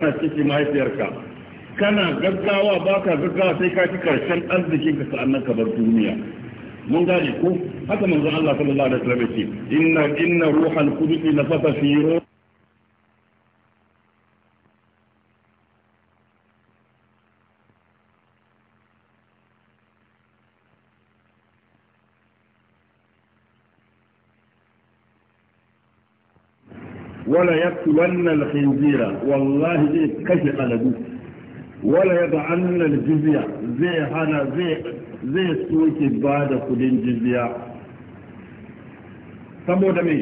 kana cikin mahaifiyarka kana gaggawa ba ka gaggawa sai ka ci karshen arzikin ka sa'annan ka bar duniya mun gane ko haka manzon Allah sallallahu alaihi wasallam ce inna inna ruhal qudus nafasa fi ruh wala yaqtulanna al wallahi zai kashe aladu wala yad'anna al-jizya zai hana zai bada kudin jizya saboda me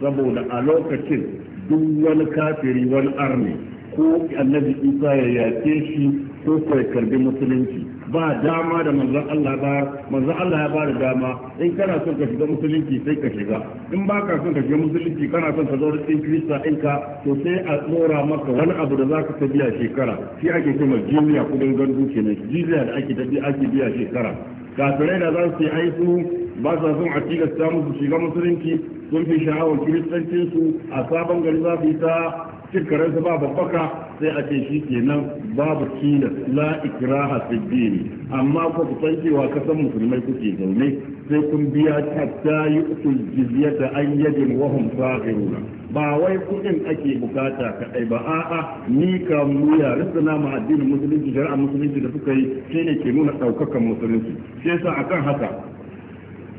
saboda a lokacin duk wani kafiri wani arni ko annabi isa ya yace shi ko kai karbi musulunci ba dama da manzon Allah ba manzon Allah ya bada dama in kana son ka shiga musulunci sai ka shiga in ba ka son ka shiga musulunci kana son ka zaura cikin kirista in ka to sai a tsora maka wani abu da zaka ta biya shekara shi ake ma jiniya kudin gandu kenan jiniya da ake tafi ake biya shekara kafirai da za su yi aisu ba sa son a tilasta musu shiga musulunci sun fi sha'awar kiristancinsu a sabon gari za su yi ta cin karensu ba babbaka sai a ce shi kenan babu kila la ikraha fi dini amma ko ku san cewa kasan musulmai kuke zaune sai kun biya ta yi usul da an yajin wa hum ba wai kudin ake bukata kaɗai ba a'a ni ka muya risana ma addinin musulunci shari'a musulunci da suka yi shine ke nuna ɗaukakan musulunci sai sa akan haka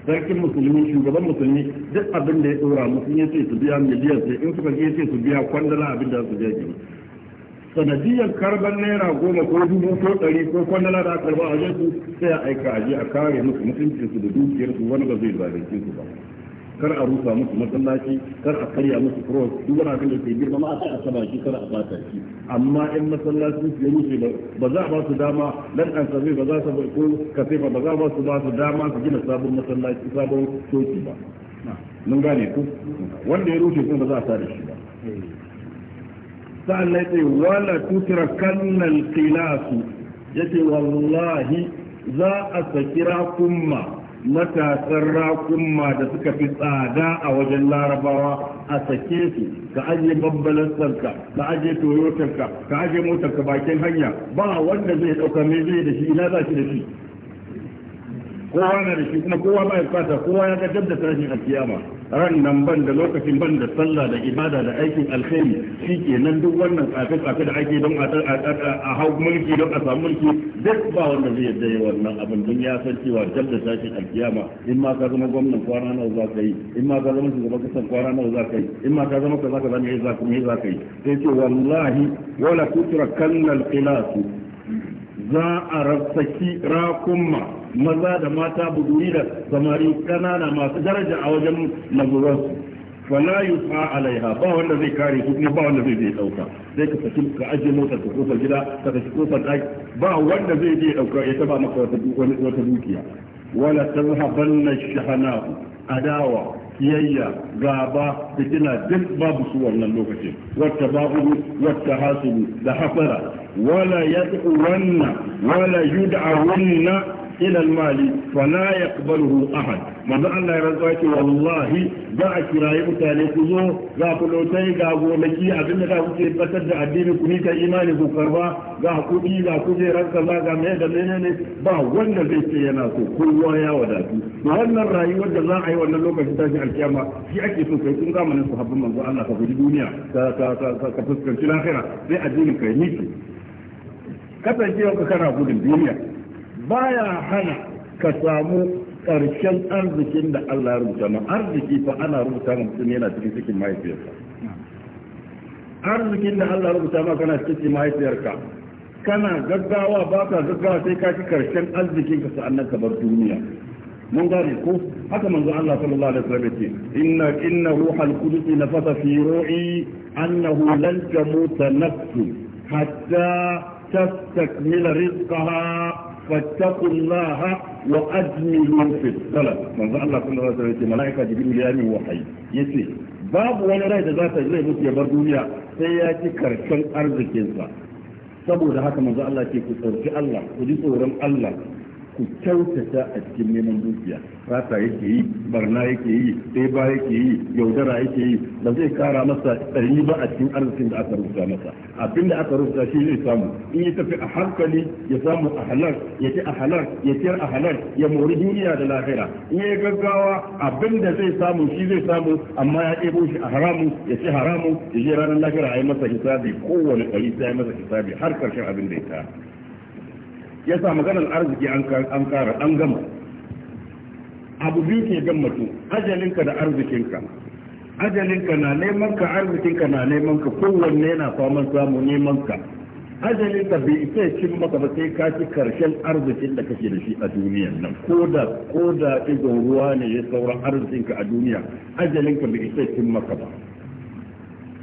sarkin musulmi shugaban musulmi duk abin da ya dora musu ya ce su biya miliyan sai in suka ce su biya kwandala abin da su biya sanadiyar karban naira goma ko dubu ko ɗari ko kwandala da aka karba a wajen su sai a aika aje a kare musu mutuncin su da dukiyar su wani ba zai zalunce su ba kar a rufa musu masallaci kar a karya musu cross duk wani abin da ke girma ma a saba shi kar a bata shi amma in masallaci su ya rufe ba za a ba su dama nan an sabai ba za su ba ko kafe ba za a ba su ba su dama su gina sabon masallaci sabon coci ba mun gane ku wanda ya rufe kuma ba za a sa shi ba sa'an nan sai wala tutura kannal qilasu yace wallahi za a sakira kumma matasan raƙumma da suka fi tsada a wajen larabawa a sake su ka aje babbalansanka ka aje toyotarka ka aje motarka bakin hanya ba wanda zai ɗauka mai zai da shi ina za shi da shi kowa na da shi kuma kowa ba ya fata kowa ya ga dab da tashin alkiyama ran nan ban da lokacin ban da sallah da ibada da aikin alkhairi nan duk wannan tsafe tsafe da ake don a hau mulki don a samu mulki duk ba wanda zai yadda yi wannan abin don ya san cewa dab da tashin alkiyama in ma ka zama gwamnan kwana nawa za ka yi in ma ka zama shugaban kasan kwana nawa za ka yi in ma ka zama ka zama yi za ka yi sai ce wallahi wala kutura kannal qilasu za a rafsaki rakunma maza da mata buduri da samari kanana masu daraja a wajen laburansu fala yusa alaiha ba wanda zai kare su kuma ba wanda zai je dauka sai ka saki ka aje motar ka kofar gida ka saki kofar daki ba wanda zai je dauka ya taba maka wata dukiya wala tazhabanna shahana adawa kiyayya gaba kina duk babu su wannan lokacin wata babu wata hasudu da hafara wala wannan wala yud'awunna ila mali fa la yaqbaluhu ahad manzo Allah ya rantsa ce wallahi za a kiraye mutane ku zo za ku lautai ga gonaki abin da kuke batar da addini ku ni ka imani ku karba ga kuɗi ga kujerar kaza ga me da menene ba wanda zai ce yana so kowa ya wadatu wannan rayuwar da za a yi wannan lokacin tashin alkiyama shi ake so kai tun zamanin sahabban manzo Allah ka gudu duniya ka ka ka fuskanci lahira sai addinin kai niki kasancewa ka kana gudun duniya baya hana ka samu ƙarshen arzikin da Allah ya rubuta ma arziki fa ana rubuta ma mutum yana cikin cikin mahaifiyarsa arzikin da Allah ya rubuta ma kana cikin mahaifiyarka kana gaggawa ba ka gaggawa sai ka ci karshen arzikin ka sa'annan ka bar duniya mun gane ko haka manzo Allah sallallahu alaihi wasallam yace inna inna ruhal qudus nafasa fi ru'i annahu lan tamuta nafsu hatta tastakmila rizqaha فاتقوا الله وأجملوا في الطلب من ذا الله صلى الله عليه وسلم ملائكة جبريل يعني وحي يسي باب وانا راي ذات زي موت يا بردويا سياتي كرشن أرزكين سبو ذا هكا من ذا الله كي كتورك الله ودي صورم الله ku kyautata a cikin neman dukiya rata yake yi barna yake yi ɗeba yake yi yaudara yake yi ba zai kara masa ɗari ba a cikin arzikin da aka rubuta masa abin da aka rubuta shi zai samu in ya tafi a hankali ya samu a halar ya ci a halar ya ciyar a halar ya mori duniya da lahira in ya gaggawa abin da zai samu shi zai samu amma ya ɗebo shi a haramu ya ci haramu ya je ranar lahira a yi masa hisabi kowane ɗari sai ya masa hisabi har karshen abin da ya tara ya sa maganar arziki an kara an gama abu biyu ke gan mutu ajalinka da arzikinka ajalinka na neman ka arzikinka na neman ka kowanne yana faman samu neman ka ajalinka bai isa cin maka ba sai ka ci karshen arzikin da kake da shi a duniya nan ko da ko da ruwa ne ya sauran arzikinka a duniya ajalinka bai isa cin maka ba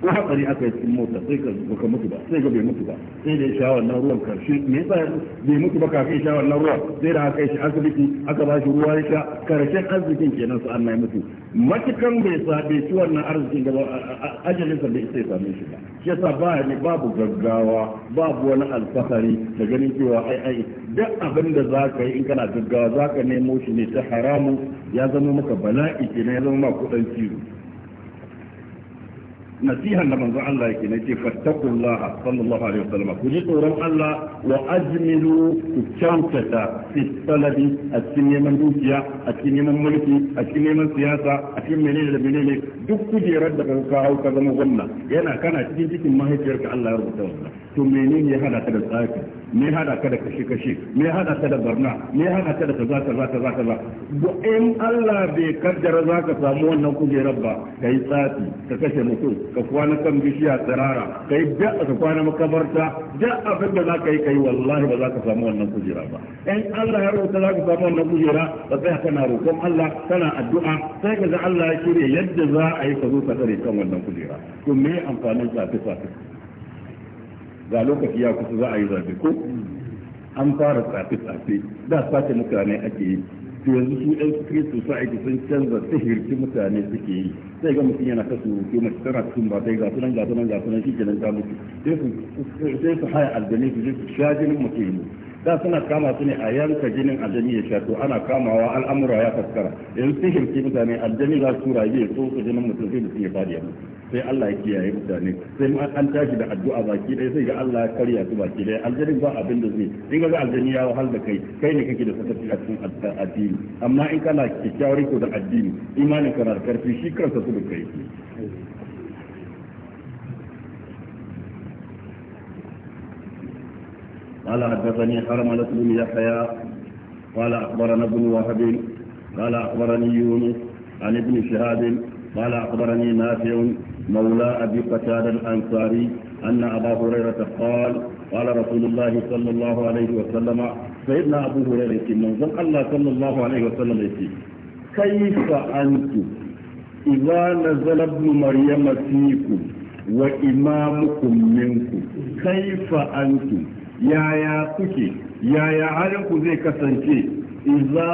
ko hatsari aka yi cikin mota sai ka baka mutu ba sai ka bai mutu ba sai da ya sha wannan ruwan karshe me yasa bai mutu ba kafin sha wannan ruwan sai da aka yi shi asibiti aka ba shi ruwa ya sha karshen arzikin kenan su Allah ya mutu matukan bai sa bai ci wannan arzikin gaba ajalin sa bai sai same shi ba shi yasa ba ne babu gaggawa babu wani alfahari da ganin cewa ai ai duk abin da za ka yi in kana gaggawa za ka nemo shi ne ta haramu ya zama maka bala'i kenan ya zama ma kuɗin ciwo nasihan da manzon Allah yake ne ce fattakullaha sallallahu alaihi wasallam ku ji tsoron Allah wa ajmilu ku kyautata fi talabi a cikin neman dukiya a cikin neman mulki a cikin neman siyasa a cikin menene da menene duk kujerar da kanka hau ka zama gwamna yana kana cikin cikin mahaifiyarka Allah ya rubuta wannan to menene ya hada ta da tsaka me hada ka da kashe kashe me hada ka da barna me hada ka da kaza kaza kaza kaza in Allah bai kaddara za ka samu wannan kujerar ba kai tsafi ka kashe mutum ka kwana kan bishiya tsirara kai da ka kwana makabarta da abin da za ka yi kai wallahi ba za ka samu wannan kujera ba in Allah ya roƙa za ka samu wannan kujera ba sai kana roƙon Allah kana addu'a sai ka ga Allah ya shirya yadda za a yi ka zo ka tsare kan wannan kujera to me amfanin tsafi tsafi ga lokaci ya kusa za a yi zabe ko an fara tsafe-tsafe da sace mutane ake yi to yanzu su ɗan su aiki sun canza sihirci mutane suke yi sai ga mutum yana kasu ke mace tana cikin ba sai ga sunan ga sunan ga sunan shi kenan ta mutu sai su haya aljani su je su sha jinin mutum da suna kama su ne a yanka jinin aljani ya sha to ana kamawa al'amura ya faskara yanzu sun shirki mutane aljani za su rayu ya so su jinin mutum sai mutum ya fadi sai Allah ya kiyaye mutane sai an tashi da addu'a baki ɗaya sai ga Allah ya karya su baki ɗaya aljanin ba abin da zai in ga aljani ya wahal da kai kai ne kake da sakaci a cikin addini amma in kana kyakkyawar ko da addini imanin kana da karfi shi kansa su da kai قال حدثني حرملة بن يحيى قال أخبرنا ابن وهب قال أخبرني يونس عن ابن شهاب قال أخبرني نافع مولى أبي قتادة الأنصاري أن أبا هريرة قال قال رسول الله صلى الله عليه وسلم سيدنا أبو هريرة من الله صلى الله عليه وسلم كيف أنتم إذا نزل ابن مريم فيكم وإمامكم منكم كيف أنتم yaya kuke yaya halinku zai kasance idza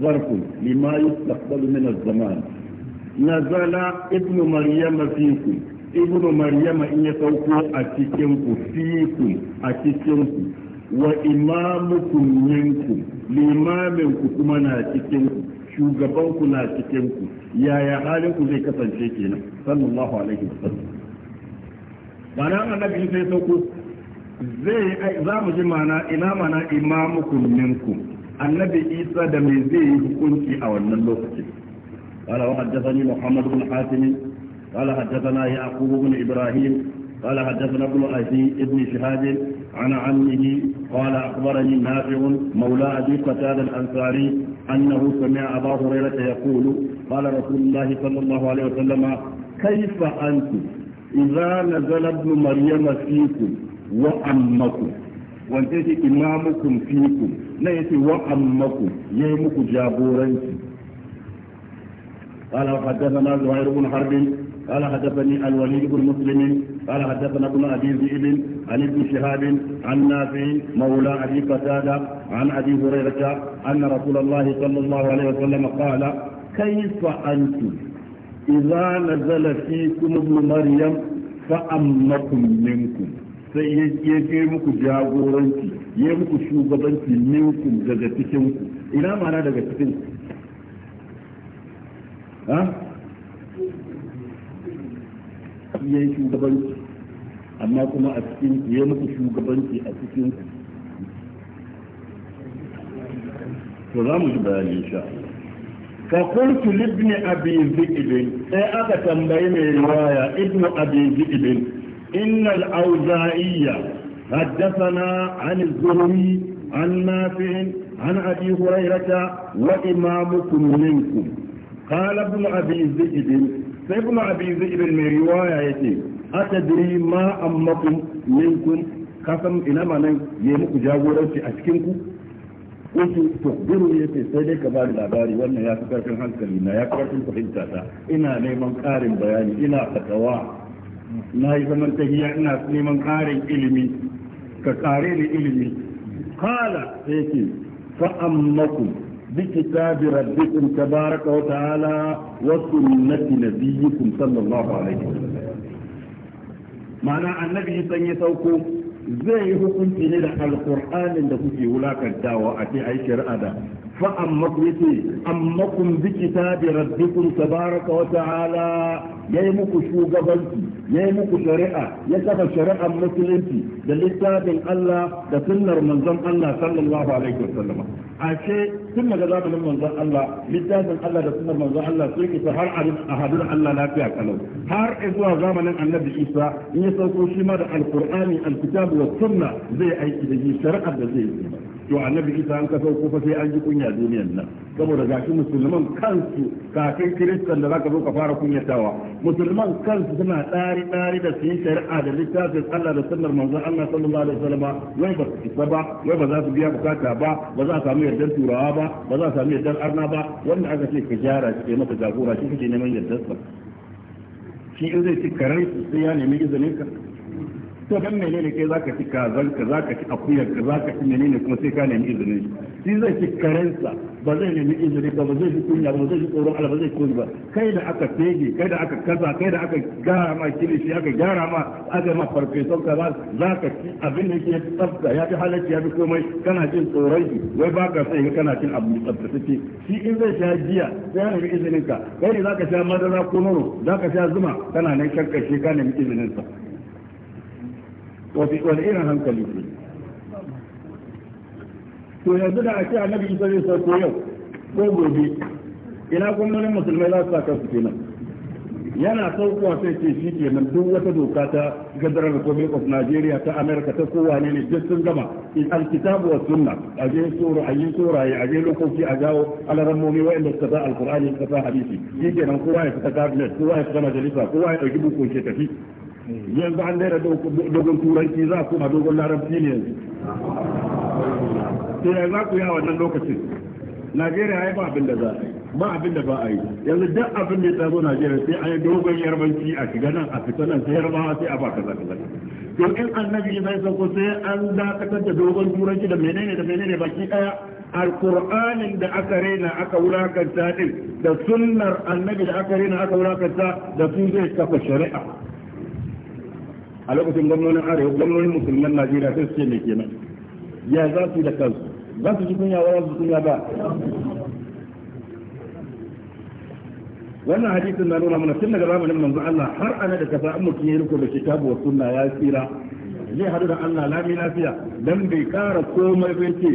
zarfun lima yustaqbalu min zaman nazala ibnu maryama fiku ibnu maryama in ya sauko a cikin ku a cikin ku wa imamukum minkum limamin ku kuma na cikin ku shugaban ku na cikin ku yaya halin ku zai kasance kenan sallallahu alaihi wasallam ba nan annabi sai sauko zai za mu ji mana ina mana منكم النبي annabi isa da me zai yi hukunci a wannan lokaci قال وحدثني محمد بن حاتم قال حدثنا يعقوب بن ابراهيم قال حدثنا ابن ابي ابن شهاد عن عمه قال اخبرني نافع مولى ابي قتاده الانصاري انه سمع ابا هريره يقول قال رسول الله صلى الله عليه وسلم كيف انت اذا نزل ابن مريم فيكم wa وَأَنْتَ wanda yake imamukum وَأَمَّكُمْ na yake wa yayi muku jagoranci قال حدثنا زهير بن حرب قال حدثني الوليد بن مسلم قال حدثنا ابن ابي ذئب عن ابن شهاب عن نافع مولى ابي قتاده عن ابي هريره ان رسول الله صلى الله عليه وسلم قال كيف انتم اذا نزل فيكم ابن مريم فامكم منكم sai ya yi muku jagoranci ya yi muku shugabanci minku daga cikin ku ina mana daga cikin ku ha ya yi shugabanci amma kuma a cikin ku ya yi muku shugabanci a cikin ku to za mu ji bayani ka kuntu libni abi zikibin ذئب aka ابا mai riwaya ibnu abi zikibin إن الأوزائية حدثنا عن الزهري عن نافع عن أبي هريرة وإمامكم منكم قال ابن أبي ذئب ابن أبي ذئب من رواية أتدري ما أمكم منكم كفم إلى من يمك جاورتي أشكنكم wasu tukbiru ya ce sai dai ka ba labari wannan ya fi karfin hankali na ya fi karfin fahimta ta ina neman karin bayani ina fatawa na yi zaman tahiya ina neman karin ilimi ka kare ni ilimi kala sai ke fa ammakum bi kitabi rabbikum tabaraka wa ta'ala wa sunnati nabiyikum sallallahu alaihi ma'ana annabi san ya sauko zai yi hukunci ne da alkur'anin da kuke wulakantawa a ce shari'a da fa'amma ku yace amma kun bi kitabi rabbikum tabaraka wa ta'ala yayi muku shugabanci yayi muku shari'a ya kafa shari'a musulunci da littafin Allah da sunnar manzon Allah sallallahu alaihi wa sallam a ce tun daga zamanin manzon Allah littafin Allah da sunnar manzon Allah sai kita har a hadin Allah lafiya kalau har zuwa zamanin annabi Isa in ya sauko shi ma da alkur'ani alkitabu wa sunna zai aiki da shi shari'ar da zai yi to annabi isa an kasau ko fa sai an ji kunya duniyar nan saboda gashi musulman kansu kafin kiristan da zaka zo ka fara kunyatawa musulman kansu suna tsari tsari da su yi shari'a da littafin Allah da sunnar manzon Allah sallallahu alaihi wasallam wai ba su isa ba wai ba za su biya bukata ba ba za a samu yardar turawa ba ba za a samu yardar arna ba wanda aka ce ka gyara shi kai maka jagora shi kake neman yardar sa shi in zai ci karar sai ya nemi izinin ka to dan menene kai zaka ci kazan ka zaka ci akuyar ka zaka ci menene kuma sai ka nemi izinin shi zai ci karensa ba zai nemi izini ba ba zai ji kunya ba zai ji tsoron Allah ba zai koyi ba kai da aka fege kai da aka kaza kai da aka gara ma shi aka gara ma aka ma farfeson ka ba zaka ci abin da yake tsafta ya fi halacci ya fi komai kana jin tsoron shi wai ba ka sai kana cin abu take shi in zai sha giya sai ya nemi izinin ka kai ne zaka sha madara ko nono zaka sha zuma kana nan shi ka nemi izinin sa wani irin hankali ne to yanzu da a ce annabi isa zai sauko yau ko gobe ina gwamnonin musulmai za su sa kansu kenan yana saukowa sai ce shi kenan duk wata doka ta gadarar republic of nigeria ta america ta kowa ne duk sun gama in alkitabu wa sunna a je tsoro a yi tsoraye a je lokaci a jawo alarammomi wa'anda suka sa alkur'ani suka sa hadisi shi kenan kowa ya fita cabinet kowa ya fita majalisa kowa ya ɗauki bukunce tafi yanzu an daina dogon turanci za a koma dogon larabci ne yanzu sai yanzu za ku yawa a wannan lokacin najeriya ya ba abin da za a yi ba abin da ba a yi yanzu duk abin da ya tazo najeriya sai an yi dogon yarbanci a shiga nan a fita nan sai yarbawa sai a ba kaza kaza to in annabi zai sauko sai an dakatar da dogon turanci da menene da menene baki daya alkur'anin da aka rena aka wulakanta din da sunnar annabi da aka rena aka wulakanta da su zai kafa shari'a a lokacin gwamnonin arewa gwamnonin musulman najeriya sai su ce mai kenan ya za su da kansu za su ji kunya wani su kunya ba wannan hadisin na nuna mana tun daga zamanin manzo Allah har ana da kasa amurki ya yi riko da kitabu wa sunna ya tsira zai hadu da Allah lami lafiya dan bai kara komai bai ce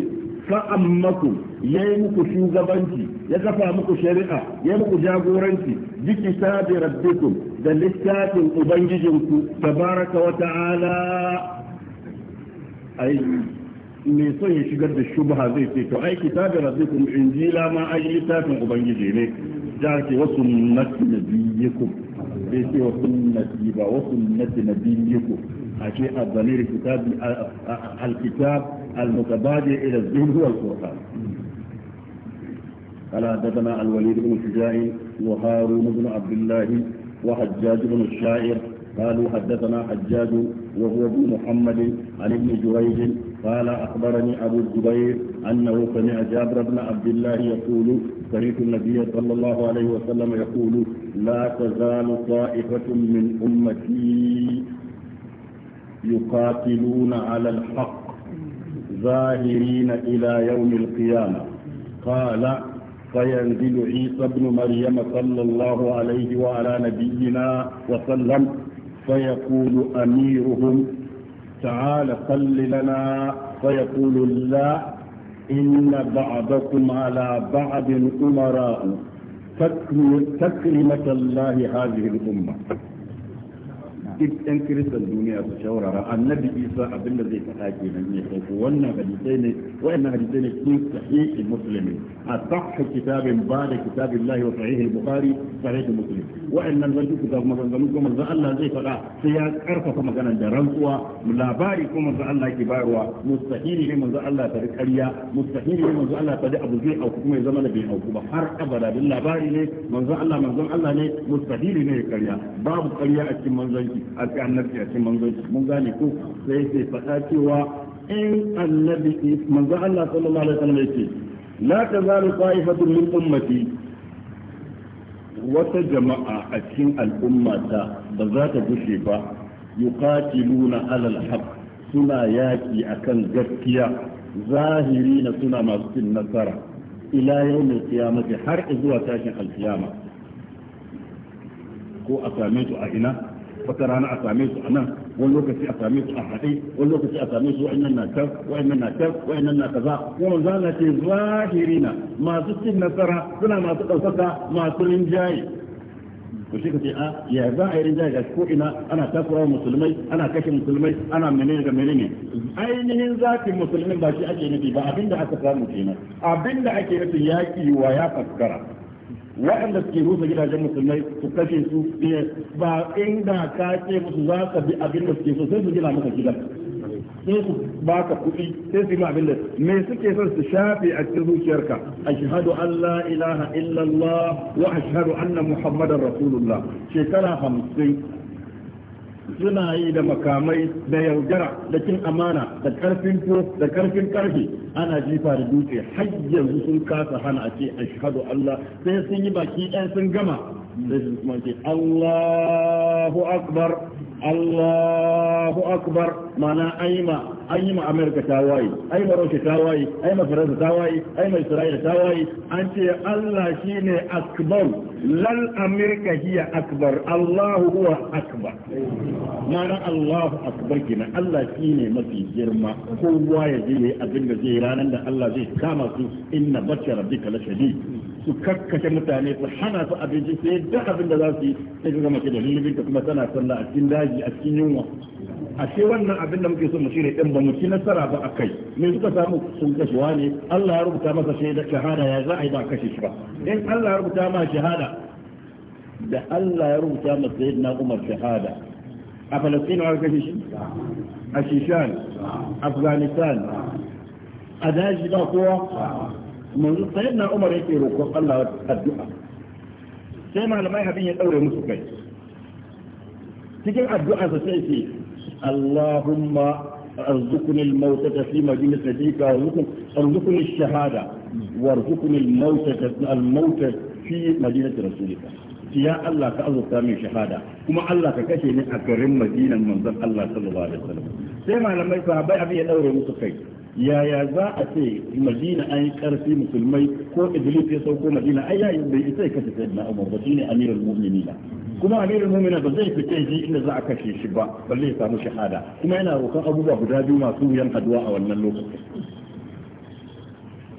ka'ammakum ya yi muku shugabanci ya kafa muku shari'a ya muku jagoranci bi kitabi rabbikum da littafin ubangijinku tabaraka wa ta'ala ai me son ya shigar da shubha zai ce to ai kitabi rabbikum injila ma ai littafin ubangiji ne da ke wasu sunnati bai ce wa sunnati ba wa sunnati أشياء الضمير كتاب الكتاب المتبادئ إلى الذهن هو القرآن قال حدثنا الوليد بن الشجاع وهارون بن عبد الله وحجاج بن الشاعر قالوا حدثنا حجاج وهو ابن محمد عن ابن جريج قال أخبرني أبو الزبير أنه سمع جابر بن عبد الله يقول سمعت النبي صلى الله عليه وسلم يقول لا تزال طائفة من أمتي يقاتلون على الحق ظاهرين إلى يوم القيامة قال فينزل عيسى ابن مريم صلى الله عليه وعلى نبينا وسلم فيقول أميرهم تعال صل لنا فيقول لا إن بعضكم على بعض أمراء تكرمة الله هذه الأمة duk ɗan kiristan duniya su shawarara annabi isa abin da zai faɗa kenan ne ko wannan hadisai ne wa'annan hadisai ne cikin sahihin muslimin a sahha kitabin ba da kitabin lahi wa sahihin bukhari sahihin muslim wa'annan zan duka kuma zan ko manzo Allah zai faɗa sai ya karfafa maganar da rantsuwa labari ko manzo Allah ke bayarwa mustahili ne manzo Allah ta ƙarya mustahili ne manzo Allah ta da abu zai auku kuma ya zama da bai auku ba har abada din labari ne manzo Allah manzon Allah ne mustahili ne ya ƙarya babu ƙarya a cikin manzanci a ga a cikin manzanci mun gane ko sai sai faɗa cewa in annabi manzo Allah sallallahu alaihi wasallam yake la tazalu qa'ifatun min ummati wata jama'a a cikin al'ummata ba za ta gushe ba yuqatiluna alal haqq suna yaki akan gaskiya zahiri na suna masu cin nasara ila mai qiyamati har zuwa tashin alkiyama ko a same su a ina wata rana a same su a nan wani lokaci a same su a haɗe wani lokaci a same su wa'annan na can wa'annan na can wa'annan na kaza kuma manzo na ce zahirina masu cin nasara suna masu ɗaukaka masu rinjaye to shi ka ce a ah, ya za a yi rinjaye ga ko ina ana takurawa musulmai ana kashe musulmai ana menene ga menene ainihin zakin musulmin ba shi ake nufi ba abinda aka samu kenan abinda ake nufi yaki wa ya faskara waɗanda suke rusa gidajen musulmai su kashe su eh, ba inda ka ce musu za ka bi abin da suke so sai su gina maka gidan sai su ka kuɗi sai su yi abin da me suke son su shafe a cikin zuciyarka ashhadu an la ilaha illallah wa ashhadu anna muhammadar rasulullah shekara hamsin suna yi da makamai da yaudara da cin amana da karfin to da karfin karfi ana jifa da dutse har yanzu sun kasa hana a ce ashhadu Allah sai sun yi baki ɗaya sun gama ce Allahu akbar Allahu akbar mana aima aima Amerika ta waye aima ma ta waye aima Faransa ta waye aima Isra'ila ta waye an ce Allah shine akbar lal Amerika hiya akbar Allahu huwa akbar mana Allahu akbar kina Allah shine mafi girma kowa ya je abin da zai ranar da Allah zai kama su inna batta rabbika la shadid su kakkashe mutane su hana su abinci sai duk abin da za su yi sai ka gama ce da lullubin ta kuma tana sallah a cikin daji a cikin yunwa ashe wannan abin da muke so mu shirya din ba mu ci nasara ba a kai me suka samu sun kashewa ne Allah ya rubuta masa shahada ya za a yi ba kashe shi ba in Allah ya rubuta ma shahada da Allah ya rubuta masa sayyidina Umar shahada a Palestine wa kashe shi a Shishan Afghanistan a daji ba kowa manzo sayyidina Umar yake roƙon Allah addu'a sai malamai hadin ya daure musu kai cikin addu'a sa sai ce Allahumma arzuqni al-mauta fi majlis nadika arzuqni ash-shahada warzuqni al-mauta al-mauta fi madinati rasulika ya Allah ka azurta min shahada kuma Allah ka kashe ni a garin madinan manzon Allah sallallahu alaihi wasallam sai malamai sahabbai abin ya daure musu kai yaya za a ce madina an yi karfi musulmai ko iblis ya sauko madina ai yayi bai isa ya kace sayyidina umar ba shine amirul mu'minin kuma amirul mu'minin ba zai fice shi inda za a kashe shi ba balle ya samu shahada kuma yana roƙon abubuwa guda biyu masu wuyan haduwa a wannan lokacin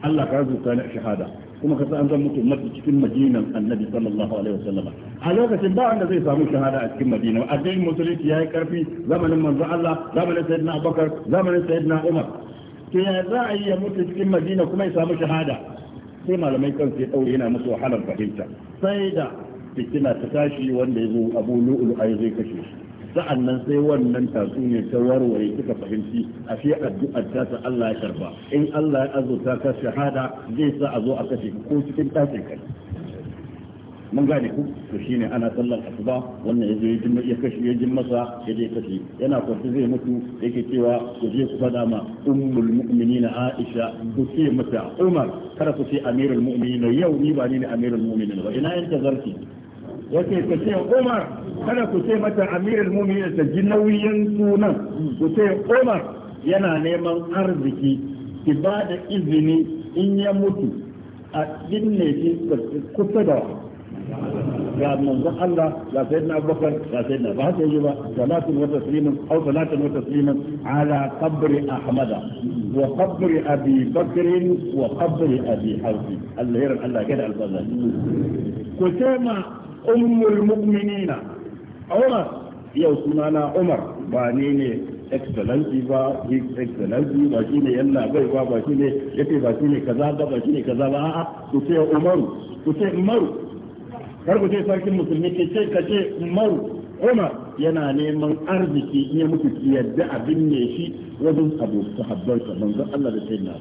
Allah ka zuta na shahada kuma ka san zan mutu mafi cikin madinan annabi sallallahu alaihi wasallam a lokacin ba wanda zai samu shahada a cikin madina addinin musulunci yayi karfi zamanin manzo Allah zamanin sayyidina Abubakar zamanin sayyidina Umar to ya za a yi ya mutu cikin madina kuma ya samu shahada sai malamai kansu ya daure yana musu wahalar fahimta sai da fitina ta tashi wanda ya zo abu lu'ulu ai zai kashe shi nan sai wannan tatsuniyar ta warware kika fahimci a shi addu'ar ta ta Allah ya karba in Allah ya azurta ka shahada zai sa a zo a kashe ko cikin ɗakin kai mun gane ku to shine ana sallar asuba wannan yazo ya jin ya kashi ya jin masa ya je kashi yana kwanci zai mutu yake cewa ku je ku fada ma ummul mu'minina Aisha ku ce mata Umar kada ku ce amirul mu'minina yau ni ba ni ne amirul mu'minina ba ina yanta zarki wace ku ce Umar kada ku ce mata amirul mu'minina ta ji nauyin sunan ku ce Umar yana neman arziki ki ba da izini in ya mutu a binne shi kusa da يا من ذا الله لا سيدنا ابو بكر لا سيدنا فاطمه يجب صلاه وتسليما او صلاه وتسليما على قبر احمد وقبر ابي بكر وقبر ابي حفص الله يرحم الله كده الفضل كتما ام المؤمنين عمر يا سمانا عمر بانيني excellency ba his excellency ba shi ne yana bai ba ba shi ne ya ce ba shi ne kaza ba ba shi ne kaza ba a'a ku ce umaru ku ce umaru kar ku ce sarkin musulmi ke ce ka ce umaru umar yana neman arziki in ya mutu ki yadda abin ne shi wajen abu sahabbansa manzon Allah da sayyidina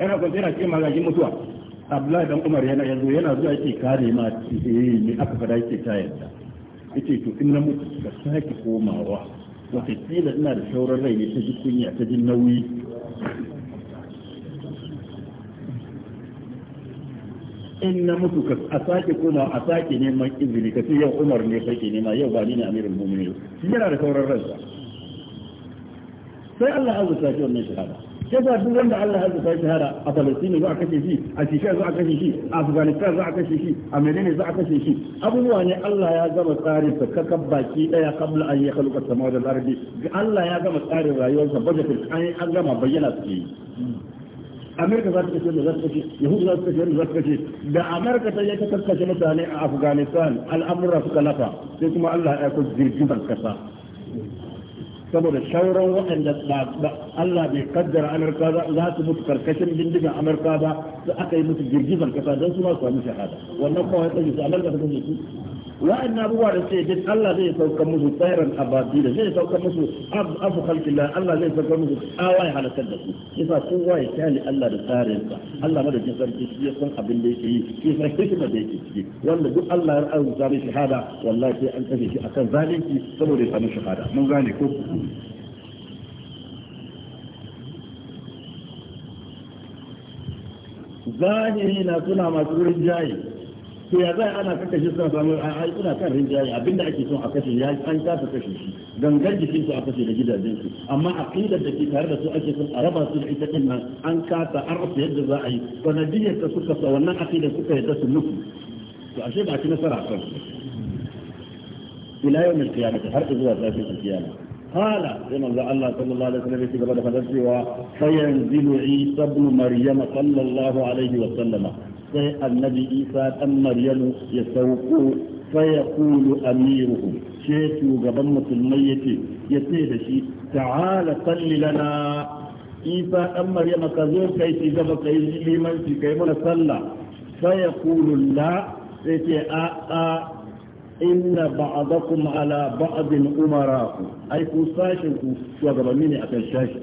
yana kwanci yana cikin magagin mutuwa Abdullahi dan Umar yana yanzu yana zuwa yake kare ma eh ne aka fada yake ta yadda yace to in na mutu ka sake komawa wata kila ina da shauran rai ne ta ji kunya ta ji nauyi in na mutu ka a sake koma a sake neman izini ka ce yau Umar ne sake nema yau ba ni ne Amirul ne shi yana da sauran ransa sai Allah azza shi wannan shahada yasa duk wanda Allah azza shi shahada a Palestine za a kashe shi a Shisha za a kashe shi a Afghanistan za a kashe shi a Medina za a kashe shi abubuwa ne Allah ya gama tsarin sa kaka baki daya kabla an ya khalaqa samawati wal ardi Allah ya gama tsarin rayuwarsa bajetin an gama bayyana su ke yi amerika za ta kashe da za ta kashe yahudu za ta kashe da za ta kashe da amerika ta yi ta kashe mutane a afghanistan al'amura suka lafa sai kuma allah ya kusa girgizar kasa saboda shauran waɗanda Allah bai kaddara Amurka za su mutu karkashin bindigan Amurka ba su aka yi musu girgizar kasa don su ma su shahada wannan kawai tsaye su Amurka ta kashe su wa'an abubuwa da suke jin Allah zai saukar musu tsairan da zai saukar musu abu khalqillah Allah zai saukar musu tsawa ya halakar da su yasa kowa ya kyale Allah da tsarin sa Allah ma madaukin sarki shi ya san abin da yake yi shi san hikima da yake ciki wanda duk Allah ya rubuta mai shahada wallahi sai an kashe shi akan zalunci saboda ya samu shahada mun gane ko zahiri na suna masu wurin rinjaye to ya za ana kaka shi suna samu ina kan rinjaye abinda ake son a kashe ya an kasa kashe shi gangar jikin su a kashe da gidajen su amma aqidar da ke tare da su ake son a raba su da ita din nan an kasa an rasa yadda za a yi sanadiyar ta suka sa wannan aqidar suka yadda su mutu to ashe ba ci nasara kan ila yawmil qiyamah har zuwa zafin qiyamah قال لما الله صلى الله عليه وسلم في قبل فدرسه فينزل عيسى ابن مريم صلى الله عليه وسلم sai annabi isa ɗan maryamu ya sauko sai ya kulu amiruhu ce shugaban musulmai yake ya ce da shi ta'ala salli lana isa ɗan maryama ka zo kai shi gaba kai limanci kai mana sallah sai ya kulu la sai ce a a inna ba'adakum ala ba'adin umara ai ku sashin ku shugabanni ne akan shashi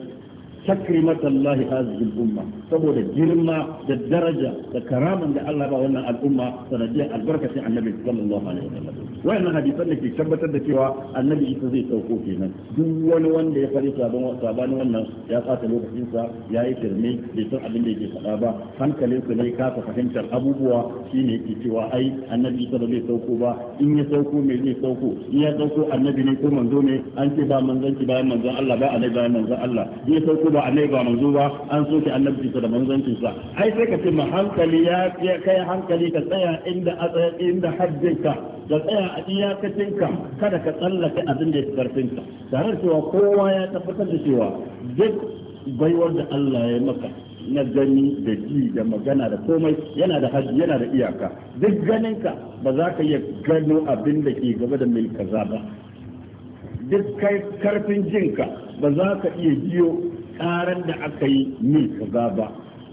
takrimat Allah hadhihi saboda girma da daraja da karaman da Allah ba wannan al'umma sanadiyar albarkacin annabi sallallahu alaihi wasallam wayannan hadisan da ke tabbatar da cewa annabi isa zai sauko kenan duk wani wanda ya fari sabon sabani wannan ya tsata lokacin sa yayi kirme bai san abin da ba hankalin sa ne ka fahimtar abubuwa shine yake cewa ai annabi isa zai sauko ba in ya ya sauko annabi ne ko ba annabi ba manzo ba an soke annabi da manzancin sa ai sai ka ce ma hankali ya kai hankali ka tsaya inda a tsaya inda ka tsaya a iyakacinka kada ka tsallake abin da ya karfinka tare cewa kowa ya tabbatar da cewa duk baiwar da Allah ya maka na gani da ji da magana da komai yana da haji yana da iyaka duk ganinka ba za ka iya gano abin da ke gaba da mil kaza ba duk kai karfin jinka ba za ka iya jiyo karar da aka yi min kaza ba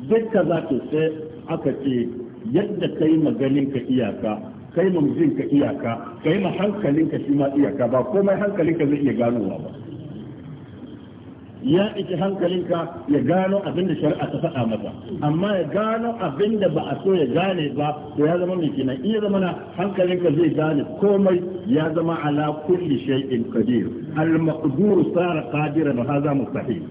duk za ta sai aka ce yadda yi maganin ka iyaka kai mutum ka iyaka kai ma hankalin ka shi ma iyaka ba komai hankalin ka zai iya ganowa ba ya ita hankalinka ya gano abin da shari'a ta faɗa masa amma ya gano abin da ba a so ya gane ba to ya zama mai kenan iya zama na hankalinka zai gane komai ya zama ala kulli shay'in qadir al maqdur sara qadiran hadha mustahil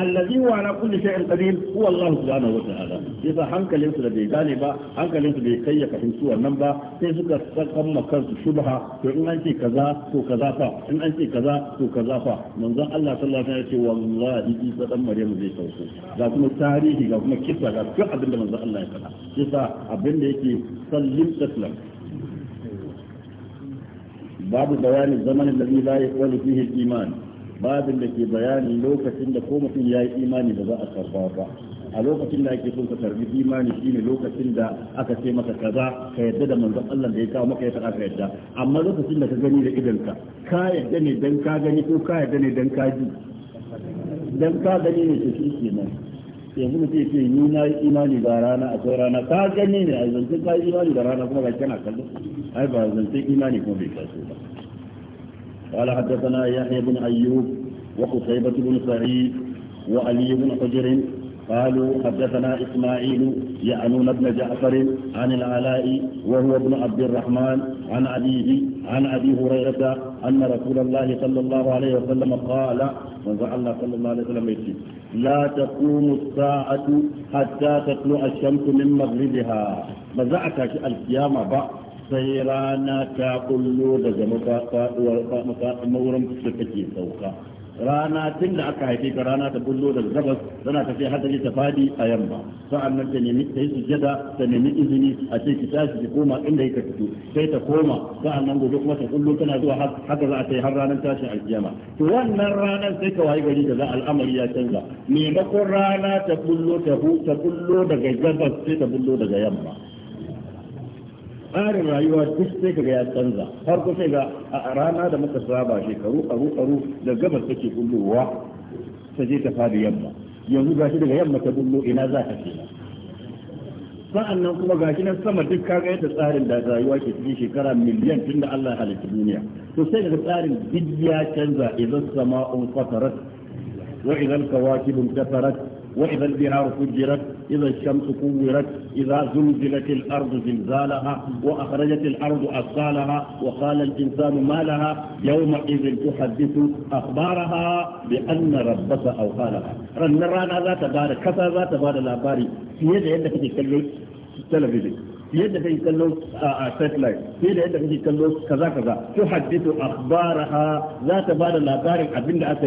allazi wa ala kulli shay'in qadir huwa Allah subhanahu wa ta'ala yasa hankalin su da bai gane ba hankalin su bai kai ya fahimci wannan ba sai suka sakamma su shubha to in an ce kaza to kaza fa in an ce kaza to kaza fa manzon Allah sallallahu alaihi wasallam ya ce wallahi Isa dan Maryam zai sauko ga kuma tarihi ga kuma kissa ga duk abin da manzon Allah ya faɗa yasa abin da yake sallim taslam babu bayanin zamanin da la yaqulu fihi al-iman babin da ke bayani lokacin da ko mutum ya yi imani da za a karba ba a lokacin da ake son ka karbi imani shine lokacin da aka ce maka kaza ka yadda da manzon Allah da ya kawo maka ya faɗa ka yadda amma lokacin da ka gani da idanka ka yadda ne dan ka gani ko ka yadda ne dan ka ji dan ka gani ne to shi kenan yanzu mutum ce ni na yi imani da rana akwai rana ka gani ne a zance ka yi imani da rana kuma ga kana kallo ai ba zance imani kuma bai taso ba قال حدثنا يحيى بن أيوب وخصيبة بن سعيد وعلي بن حجر قالوا حدثنا إسماعيل يعنون ابن جعفر عن العلاء وهو ابن عبد الرحمن عن أبيه عن أبي هريرة أن رسول الله صلى الله عليه وسلم قال وجعلنا صلى الله عليه وسلم يتي لا تقوم الساعة حتى تطلع الشمس من مغربها مزعتك القيامة بقى sai rana ta kullo daga mawurin da take sauka rana tun da aka haife ka rana ta bullo daga gabas tana tafiya har ta fadi a yamma sa'an nan ta nemi ta yi sujjada ta nemi izini a ce ki tashi ki koma inda yake fito sai ta koma sa'an nan gobe kuma ta kullo tana zuwa haka za a ta yi har ranar tashin alkiyama to wannan ranar sai ka wayi gari da za al'amari ya canza maimakon rana ta bullo ta ta bullo daga gabas sai ta bullo daga yamma tsarin rayuwa duk sai ga ya canza farko sai ga a rana da muka saba shekaru aru aru da gabas take kullowa ta je ta fadi yamma yanzu gashi daga yamma ta kullo ina za ta ce sa'an nan kuma gashi nan sama duk kaga yadda tsarin da rayuwa ke cikin shekara miliyan tun da Allah halitta duniya to sai daga tsarin duk canza idan sama'un fatarat wa idan kawakibun tafarat وإذا البحار فجرت إذا الشمس كورت إذا زلزلت الأرض زلزالها وأخرجت الأرض أثقالها وقال الإنسان ما لها يومئذ تحدث أخبارها بأن ربك أو قالها رن رانا ذات بار كفى ذات بار الأباري في يد يدك تتكلم التلفزيون في يد kallo a ساتلايت في يد في kake آه، آه، كذا كذا تحدث أخبارها hadithu akhbaraha za ta bada labarin abinda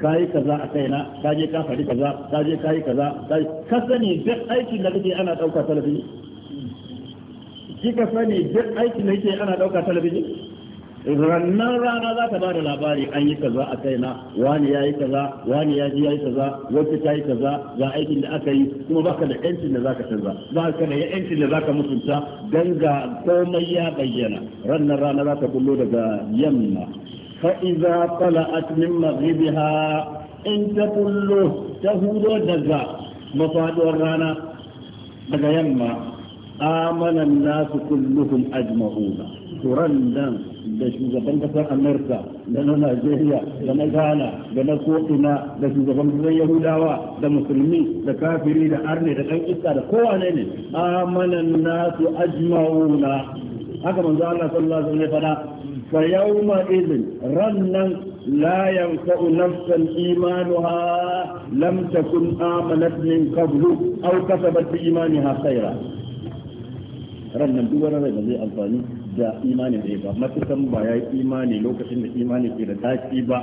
kayi kaza a kaina ka je ka faɗi kaza ka je kayi kaza ka sani duk aikin da kake ana ɗauka talabijin ka sani duk aikin da kake ana ɗauka talabijin rannan rana za ta bada labari an yi kaza a kaina wani ya yi kaza wani ya ji ya yi kaza wacce ta yi kaza ga aikin da aka yi kuma baka da yancin da zaka canza ba ka da yancin da zaka mutunta don ga komai ya bayyana rannan rana za ta bullo daga yamma فإذا طلعت من مغربها إن تقول تهود دزا مفاد ورانا daga yamma amanan nasu kulluhum ajma'una turan nan da shugaban kasar amurka da na najeriya da na ghana da na ko'ina da shugaban kasar yahudawa da musulmi da kafiri da arne da kan iska da kowane ne amanan nasu ajma'una haka manzo Allah sallallahu alaihi wasallam ya fada فيوم إذن رنا لا ينفع نفسا إيمانها لم تكن آمنت من قبل أو كسبت بإيمانها خيرا رنا دول رنا زي أنفاني da imanin da ya ba matukan ba ya yi imani lokacin da imani ke da tashi ba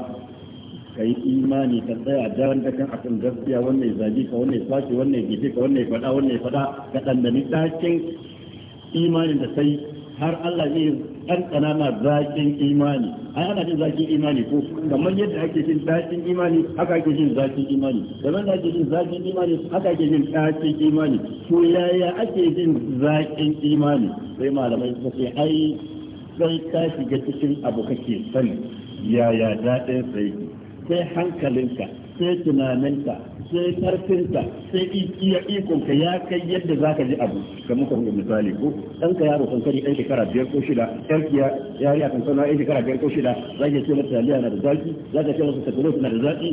ka yi imani ka tsaya jaran da kan akan gaskiya wannan ya zagi ka wannan ya sace wannan ya gefe ka wannan ya faɗa wannan ya faɗa ka ɗandani ɗakin imanin da sai har Allah ne ɗan ƙanana zakin imani ai ana jin zakin imani ko kamar yadda ake jin zakin imani haka ake jin zakin imani kamar da ake jin zakin imani haka ake jin zakin imani to yaya ake jin zaƙin imani sai malamai suka ce ai sai ka shiga cikin abu kake sani yaya daɗin sai sai hankalinka sai tunaninka sai karfinka sai iya ka ya kai yadda za ka ji abu ga muka rubuta misali ko Dan ka yaro kankani ɗan shekara biyar ko shida ɗan kiya yari a kankana ɗan shekara biyar ko shida za ka ce masa taliya na da zaki za ka ce masa tafilos na da zaki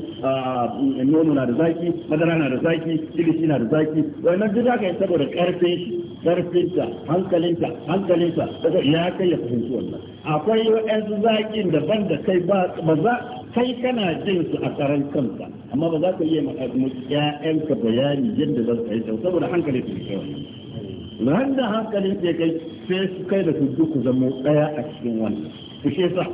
nono na da zaki madara na da zaki kilisi na da zaki wannan duk za ka yi saboda karfin sarfinta hankalinta hankalinta daga ya kai ya fahimci wannan akwai wa'yansu zaƙin daban da kai ba za kai kana jin su a karan kanka amma ba za ka iya ma ƴaƴanka bayani yadda za su ta saboda hankali su kai wannan da hankalin ke kai sai su kai da su duk zamo ɗaya a cikin wannan ku shi sa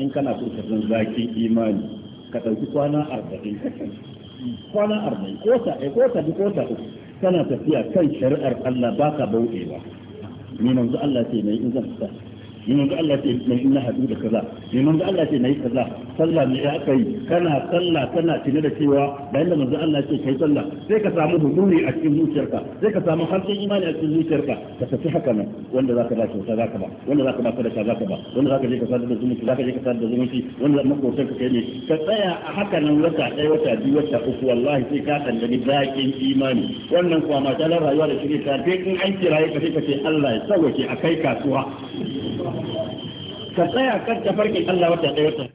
in kana so ka san zaƙin imani ka ɗauki kwana arba'in kwana arba'in ko ta ko ta ko ta uku kana tafiya kan shari'ar Allah ba ka bauɗewa ni manzo Allah ce mai in zan ne manzo Allah ce mai in hadu da kaza ne manzo Allah ce nayi kaza sallah ne ya kai kana sallah kana tina da cewa da manzo Allah ce kai sallah sai ka samu huduri a cikin zuciyarka sai ka samu harkin imani a cikin zuciyarka ka tafi haka nan wanda zaka ba kyauta zaka ba wanda zaka ba sadaka zaka ba wanda zaka je ka sadar da zumunci zaka je ka sadar da zumunci wanda makotan ka kai ne ka tsaya a haka nan wata ɗaya wata biyu wata uku wallahi sai ka dandani zakin imani wannan kuwa mata rayuwa da shirye ta dai in an kiraye ka sai ka ce Allah ya sauke a kai kasuwa ka tsaya kan tafarkin Allah wata ɗaya wata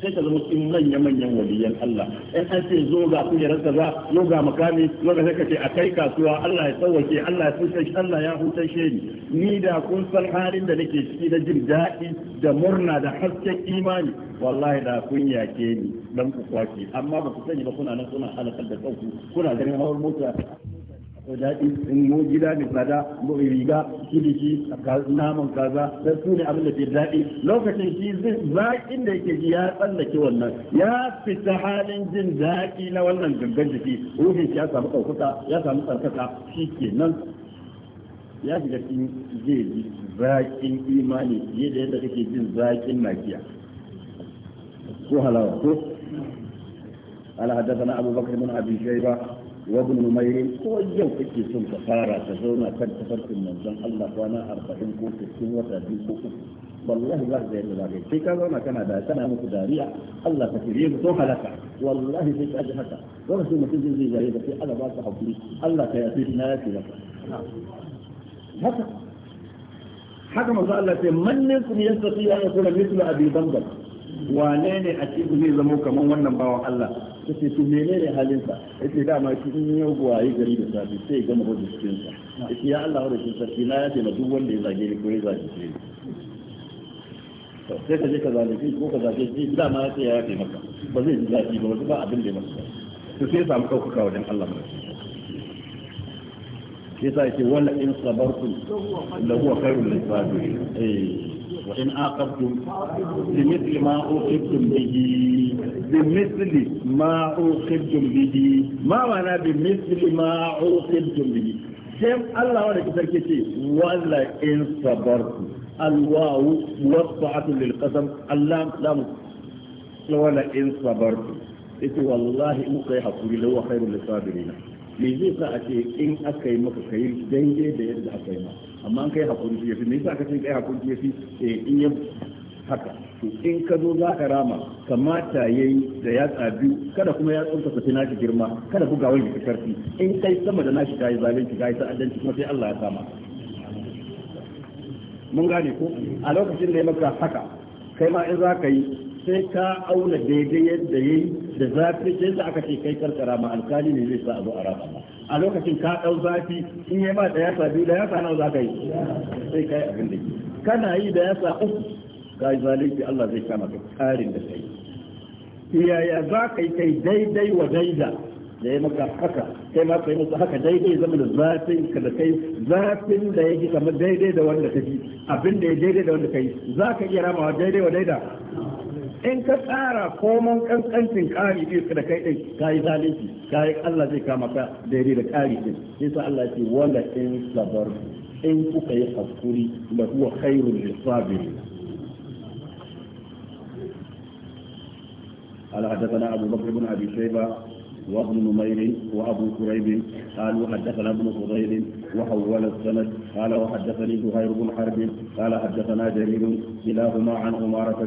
sai ka zama in manya manyan waliyan Allah in an ce zo ga kujerar za, zo ga makami zo ga ce a kai kasuwa Allah ya sauwake Allah ya shi, Allah ya shi ni ni da kun san halin da nake ciki da jin daɗi da murna da hasken imani wallahi da kun yake ni dan ku kwaki amma ba ku sani ba kuna nan kuna halakar da kanku kuna ganin hawar mota da daɗi in mu gida da tsada mu riga kiliki naman kaza sai su ne abin da ke daɗi lokacin shi zaƙin da yake ji ya tsallake wannan ya fita halin jin daɗi na wannan gangan jiki ruhin shi ya samu ɗaukaka ya samu tsarkaka shi ke nan ya shiga cikin zai ji zaƙin imani fiye da yadda kake jin zaƙin nakiya ko halawa ko قال حدثنا أبو بكر بن وابن نمير هو اليوم كي سن كفارة تزونا كان تفرق من زن الله وانا أربعين كو ستين وتابين كون والله لا زي الله بعدين في كذا كان هذا سنة متدارية الله تكريم توها لك والله في أجهك ورسول ما تنزل زي زي في أنا بعد حبي الله تيأتيك ناتي لك هذا حكم الله من يستطيع أن يكون مثل أبي بندر wane ne a cikin zai zama kamar wannan bawan Allah ta ce su mene ne halinsa ya ce dama shi in yau buwaye gari da sabi sai gama wajen cikinsa ya ce ya Allah wadda shi sarki na ya ce na duk wanda ya zage ni ko ya zage ni sai ka je ka zage shi ko ka zage shi dama ya ce ya yafe maka ba zai ji zafi ba wasu ba abin da ya masa to sai ya samu ɗaukaka wajen Allah mai shi yasa ya wala in sabartum lahu khairul lisabirin eh وإن عاقبتم بمثل ما عوقبتم به بمثل ما عوقبتم به ما معنى بمثل ما عوقبتم به كم الله ولك تركتي ولا إن صبرتم الواو موضعة للقسم اللام لام ولا إن صبرتم إذ والله مكي حقولي لو خير للصابرين me zai sa a ce in aka yi maka kayi daidai da yadda aka yi maka amma an kai hakuri shi yafi me yasa aka ce kai hakuri shi yafi eh, in ya haka to in ka zo za ka rama kamata ya yi da ya tsabi kada kuma ya tsunta ka na shi girma kada ga wani ka karfi in kai sama da nashi kai zalunci sai addanci kuma sai Allah ya kama mun gane ko a lokacin da ya maka haka kai ma in za ka yi sai ka auna daidai yadda ya yi da zafi sai aka ce kai karkara ma alkali ne zai sa abu a rama a lokacin ka ɗau zafi in yi ma da yasa biyu da yasa nawa za ka yi sai ka yi abin da kana yi da yasa uku ka yi zalunci Allah zai kama ka tsarin da kai yaya za ka yi kai daidai wa daida da ya maka haka kai ma kai musu haka daidai zama da zafin ka da kai zafin da yake kamar daidai da wanda kake abin da ya daidai da wanda ka yi. za ka iya ramawa daidai wa daida in ka tsara komon kankancin kari biyu da kai ɗin ka yi zalunci ka yi Allah zai kama ka daidai da kari ɗin shi sa Allah ce wala in sabar in kuka yi hakuri da huwa khairun lisabirin قال حدثنا ابو بكر بن ابي شيبه وابن نمير وابو كريب قالوا حدثنا ابن فضيل وحول السند قال وحدثني زهير بن حرب قال حدثنا جرير كلاهما عن عمارة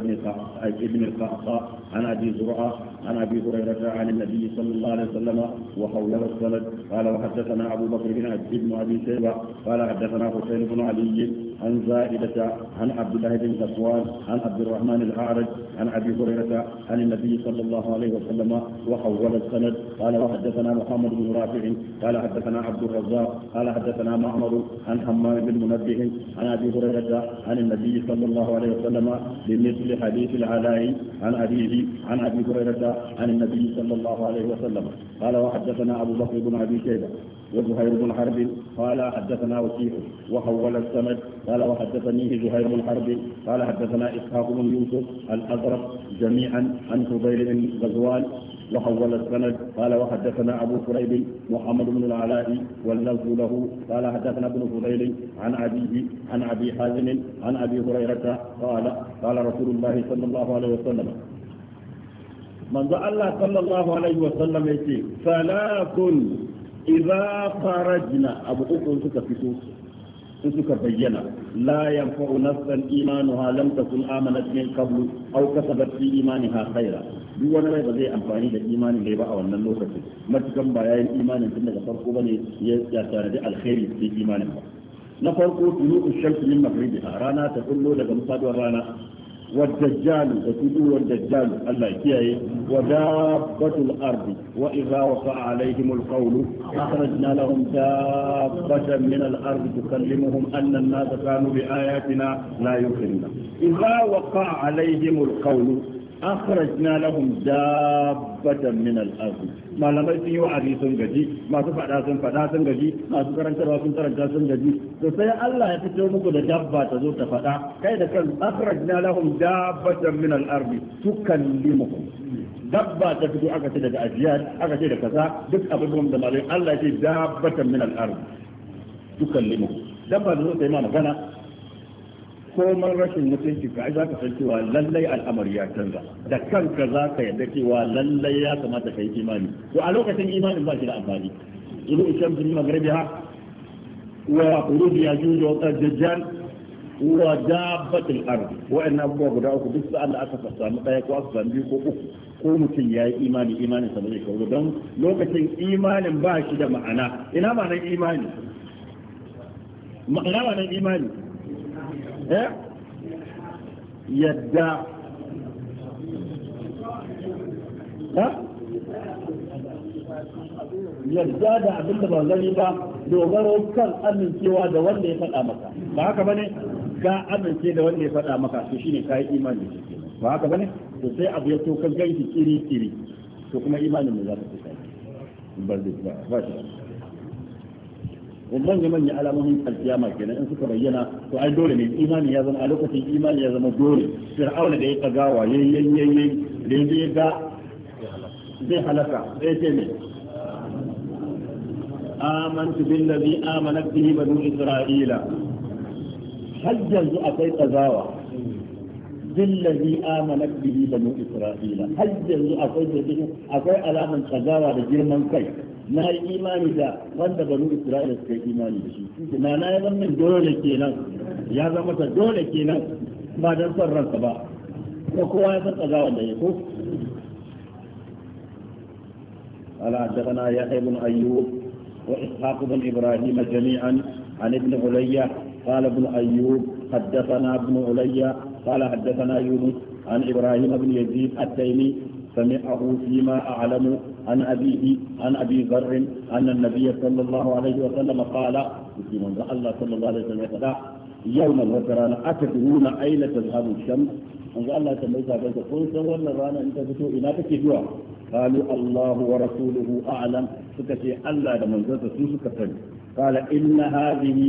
بن القعقاع عن أبي زرعة عن ابي هريره عن النبي صلى الله عليه وسلم وحوله السند قال وحدثنا ابو بكر بن بن ابي شيبه قال حدثنا حسين بن علي عن زائدة عن عبد الله بن صفوان عن عبد الرحمن الأعرج عن أبي هريرة عن النبي صلى الله عليه وسلم وحول السند قال وحدثنا محمد بن رافع قال حدثنا عبد الرزاق قال حدثنا معمر عن حمام بن منبه عن أبي هريرة عن النبي صلى الله عليه وسلم بمثل حديث العلاء عن أبيه عن أبي هريرة عن النبي صلى الله عليه وسلم قال وحدثنا أبو بكر بن أبي شيبة وزهير بن حرب قال حدثنا وسيح وحول السند قال وحدثنيه زهير بن حرب قال حدثنا إسحاق بن يوسف الأزرق جميعا عن فضيل بن غزوان وحول السند قال وحدثنا أبو كريب محمد بن العلاء واللفظ له قال حدثنا ابن فضيل عن أبيه عن أبي حازم عن أبي هريرة قال قال رسول الله صلى الله عليه وسلم manzo Allah sallallahu alaihi wa sallam yace salatun idza farajna abu uku suka fito in suka bayyana la yanfa'u nafsan imanuha lam takun amanat min qablu aw kasabat fi imaniha khaira duk wani rai ba zai amfani da imanin da ba a wannan lokacin matukan ba yayin imanin tun daga farko bane ya tare da alkhairi cikin imanin ba na farko tulu ushams min maghribiha rana ta kullo daga musaduwar rana والدجال وتدو والدجال الله كياي ودابة الأرض وإذا وقع عليهم القول أخرجنا لهم دابة من الأرض تكلمهم أن الناس كانوا بآياتنا لا يؤمنون إذا وقع عليهم القول akhrajna lahum dabbatan min al malamai sun yi wa'azi sun gaji masu fada sun fada sun gaji masu karantarwa sun karanta sun gaji to Allah ya fito muku da dabba ta ta fada kai da kan akhrajna lahum dabbatan min al-ardh dabba ta fito aka ce daga ajiyar aka ce da kasa duk abubuwan da malamai Allah ya ce dabbatan min al-ardh limu dabba ta zo ta yi magana Komar rashin mutunci ka ai za ka san cewa lallai al'amari ya canza da kanka za ka yarda cewa lallai ya kamata ka yi imani to a lokacin imanin ba shi da amfani ilu isham bin maghribiha wa urubi ya juju wa dajjal wa dabbatul ard wa inna abubuwa guda uku duk sa'an da aka samu daya ko aka samu biyu ko uku ko mutum ya yi imani imanin sa ba zai kawo don lokacin imanin ba shi da ma'ana ina ma'anar imani ma'ana ma'anar imani Eh? yadda yadda da abin da ba gani ba dogaro kan amincewa da wanda ya faɗa maka ba haka bane ka amince da wanda ya faɗa maka to shine kai imani ba haka bane to sai abu ya to kan ganki kiri kiri to kuma imanin mu za ta fita ba ba shi manya-manyan alamomin alkiyama kenan in suka bayyana to ai dole ne imani ya zama a lokacin imani ya zama dole fir'auna da ya kagawa yayyayyayyayi da ya ga zai halaka zai ce ne bin billazi amanat bihi banu isra'ila har yanzu akwai bin billazi amanat bihi banu isra'ila har yanzu akwai akwai alaman kazawa da girman kai na yi imani da wanda banu isra'ila suka yi imani da shi na na ya zama dole kenan ya zama ta dole kenan ba don son ransa ba ko kowa ya san kaza wanda ya ko قال حدثنا يحيى بن ايوب واسحاق بن ابراهيم جميعا عن ابن علي قال ابن ايوب حدثنا ابن علي قال حدثنا يونس عن ابراهيم بن يزيد التيمي سمعه فيما اعلم عن أبيه عن أبي ذر أن النبي صلى الله عليه وسلم قال في من الله صلى الله عليه وسلم قال يوما وترانا أتدرون أين تذهب الشمس أن الله تميز هذا تقول سوى رانا أنت تتو إلى تكفوا قالوا الله ورسوله أعلم فكشي الله لمن ذات سوسك قال إن هذه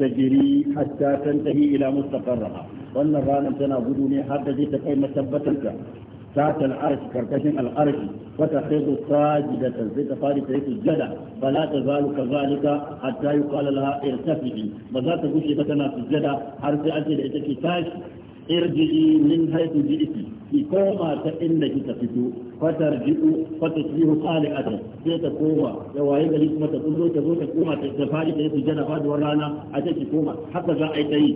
تجري حتى تنتهي إلى مستقرها wannan ranar tana gudu ne har da zai ta kai matabbatarka ذات العرش كركشن العرش وتخذ ساجدة في تفارق في الجدع فلا تزال كذلك حتى يقال لها ارتفعي بذات غشي بتنا في الجدع حرف أجل إتكتاش ارجعي من حيث جئتي ki koma ta inda kika fito fatar jidu fatar jihu kali adam sai ta koma ya waye gari kuma ta kullo ta zo ta koma ta fari ta yi faduwar rana a ta ki koma haka za a yi ta yi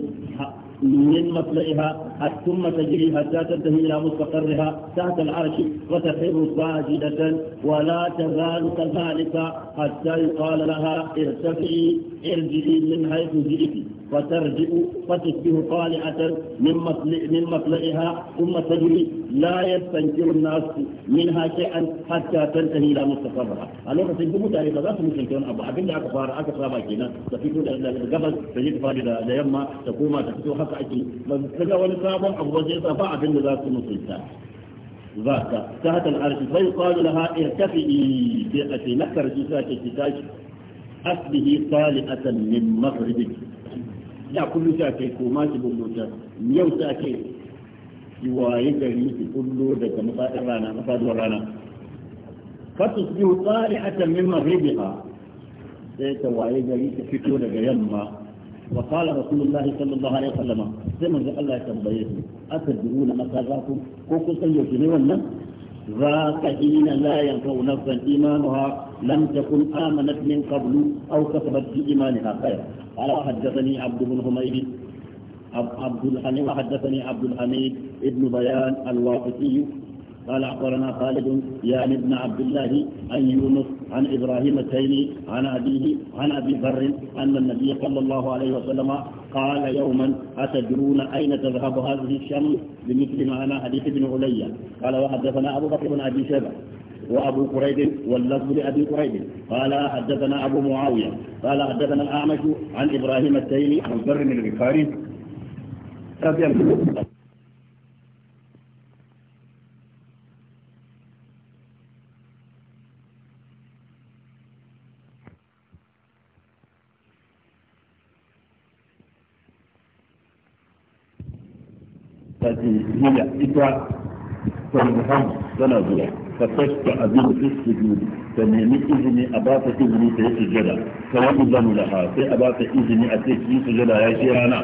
من مطلعها ثم تجري حتى تنتهي إلى مستقرها تحت العرش وتحر ساجدة ولا تزال كذلك حتى يقال لها ارتفعي ارجعي من حيث جئت فترجع فتشبه طالعة من مطلع من مطلعها ثم تجري لا يستنكر الناس منها شيئا حتى تنتهي الى مستقرها. الوقت تنتهي متعرفة ba za su mutunta wani abu abin da aka fara aka saba kenan ta fito da gabas ta haka ake ba su kaga wani sabon abu ba sai ba abin da za su mutunta ذاك تحت العرش فيقال لها ارتفعي بيئتي نكر جساك كتاج أسبه طالئة من مغربك لا كل شاكي كومات بلوتا يو شاكي يواي جريك كله دك مصادر رانا مصادر رانا طالئة من مغربها sai ta waye gari ta وقال رسول الله صلى الله عليه وسلم كما قال الله تنبيهكم أتدرون متى ذاكم كوكو سيوشني ولا ذاك حين لا ينفع نفسا إيمانها لم تكن آمنت من قبل أو كسبت في إيمانها خير طيب، قال حدثني عبد بن حميد عبد الحميد وحدثني عبد الحميد ابن بيان الواقفي قال أخبرنا خالد يعني ابن عبد الله عن يونس عن إبراهيم التيمي عن أبيه عن أبي ذر أن النبي صلى الله عليه وسلم قال يوما أتدرون أين تذهب هذه الشمس بمثل ما أنا حديث ابن علي قال وحدثنا أبو بكر بن أبي شبه وابو قريب واللفظ لابي قريب قال حدثنا ابو معاويه قال حدثنا الاعمش عن ابراهيم التيمي عن بر البخاري ita tarbuhan tana zuwa ka tasta abin fi sujudi ta nemi izini a ba ta izini ta yi sujada ka wani zanu da ha sai a ba ta izini a ce ki sujada ya ce rana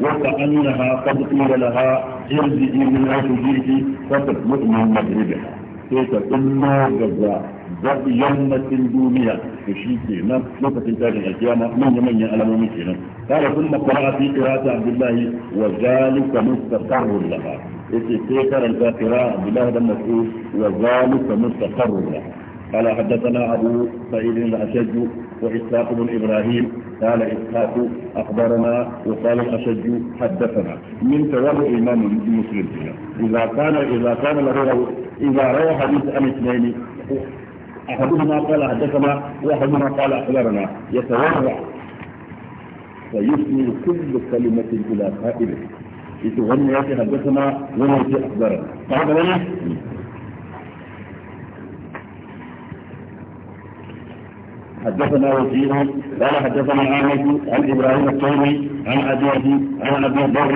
wata annaha qad qila laha irji'i min asujidi fa tatmu'u min magribiha sai ta kunna gaba zaɓi yammacin duniya da shi ke nan lokacin tashin alkiyama manya-manyan alamomi ke nan. Kala sun makara a fi kirata Abdullahi wa zalika mustaqarrun laha. يتي تيكر الكافراء بالله بن وذلك مستقر قال حدثنا أبو سعيد الأشج وإسحاق بن إبراهيم قال إسحاق أخبرنا وقال الأشج حدثنا من تورع إمام المسلم إذا كان إذا كان له إذا روى حديث عن اثنين أحدهما قال حدثنا وأحدهما قال أخبرنا يتورع فيثني كل كلمة إلى قائله يقول وني يا اخي حدثنا وني في اخبارنا فهذا وني حدثنا وزير قال حدثنا عامر عن ابراهيم الطيري عن ابيه عن ابي بر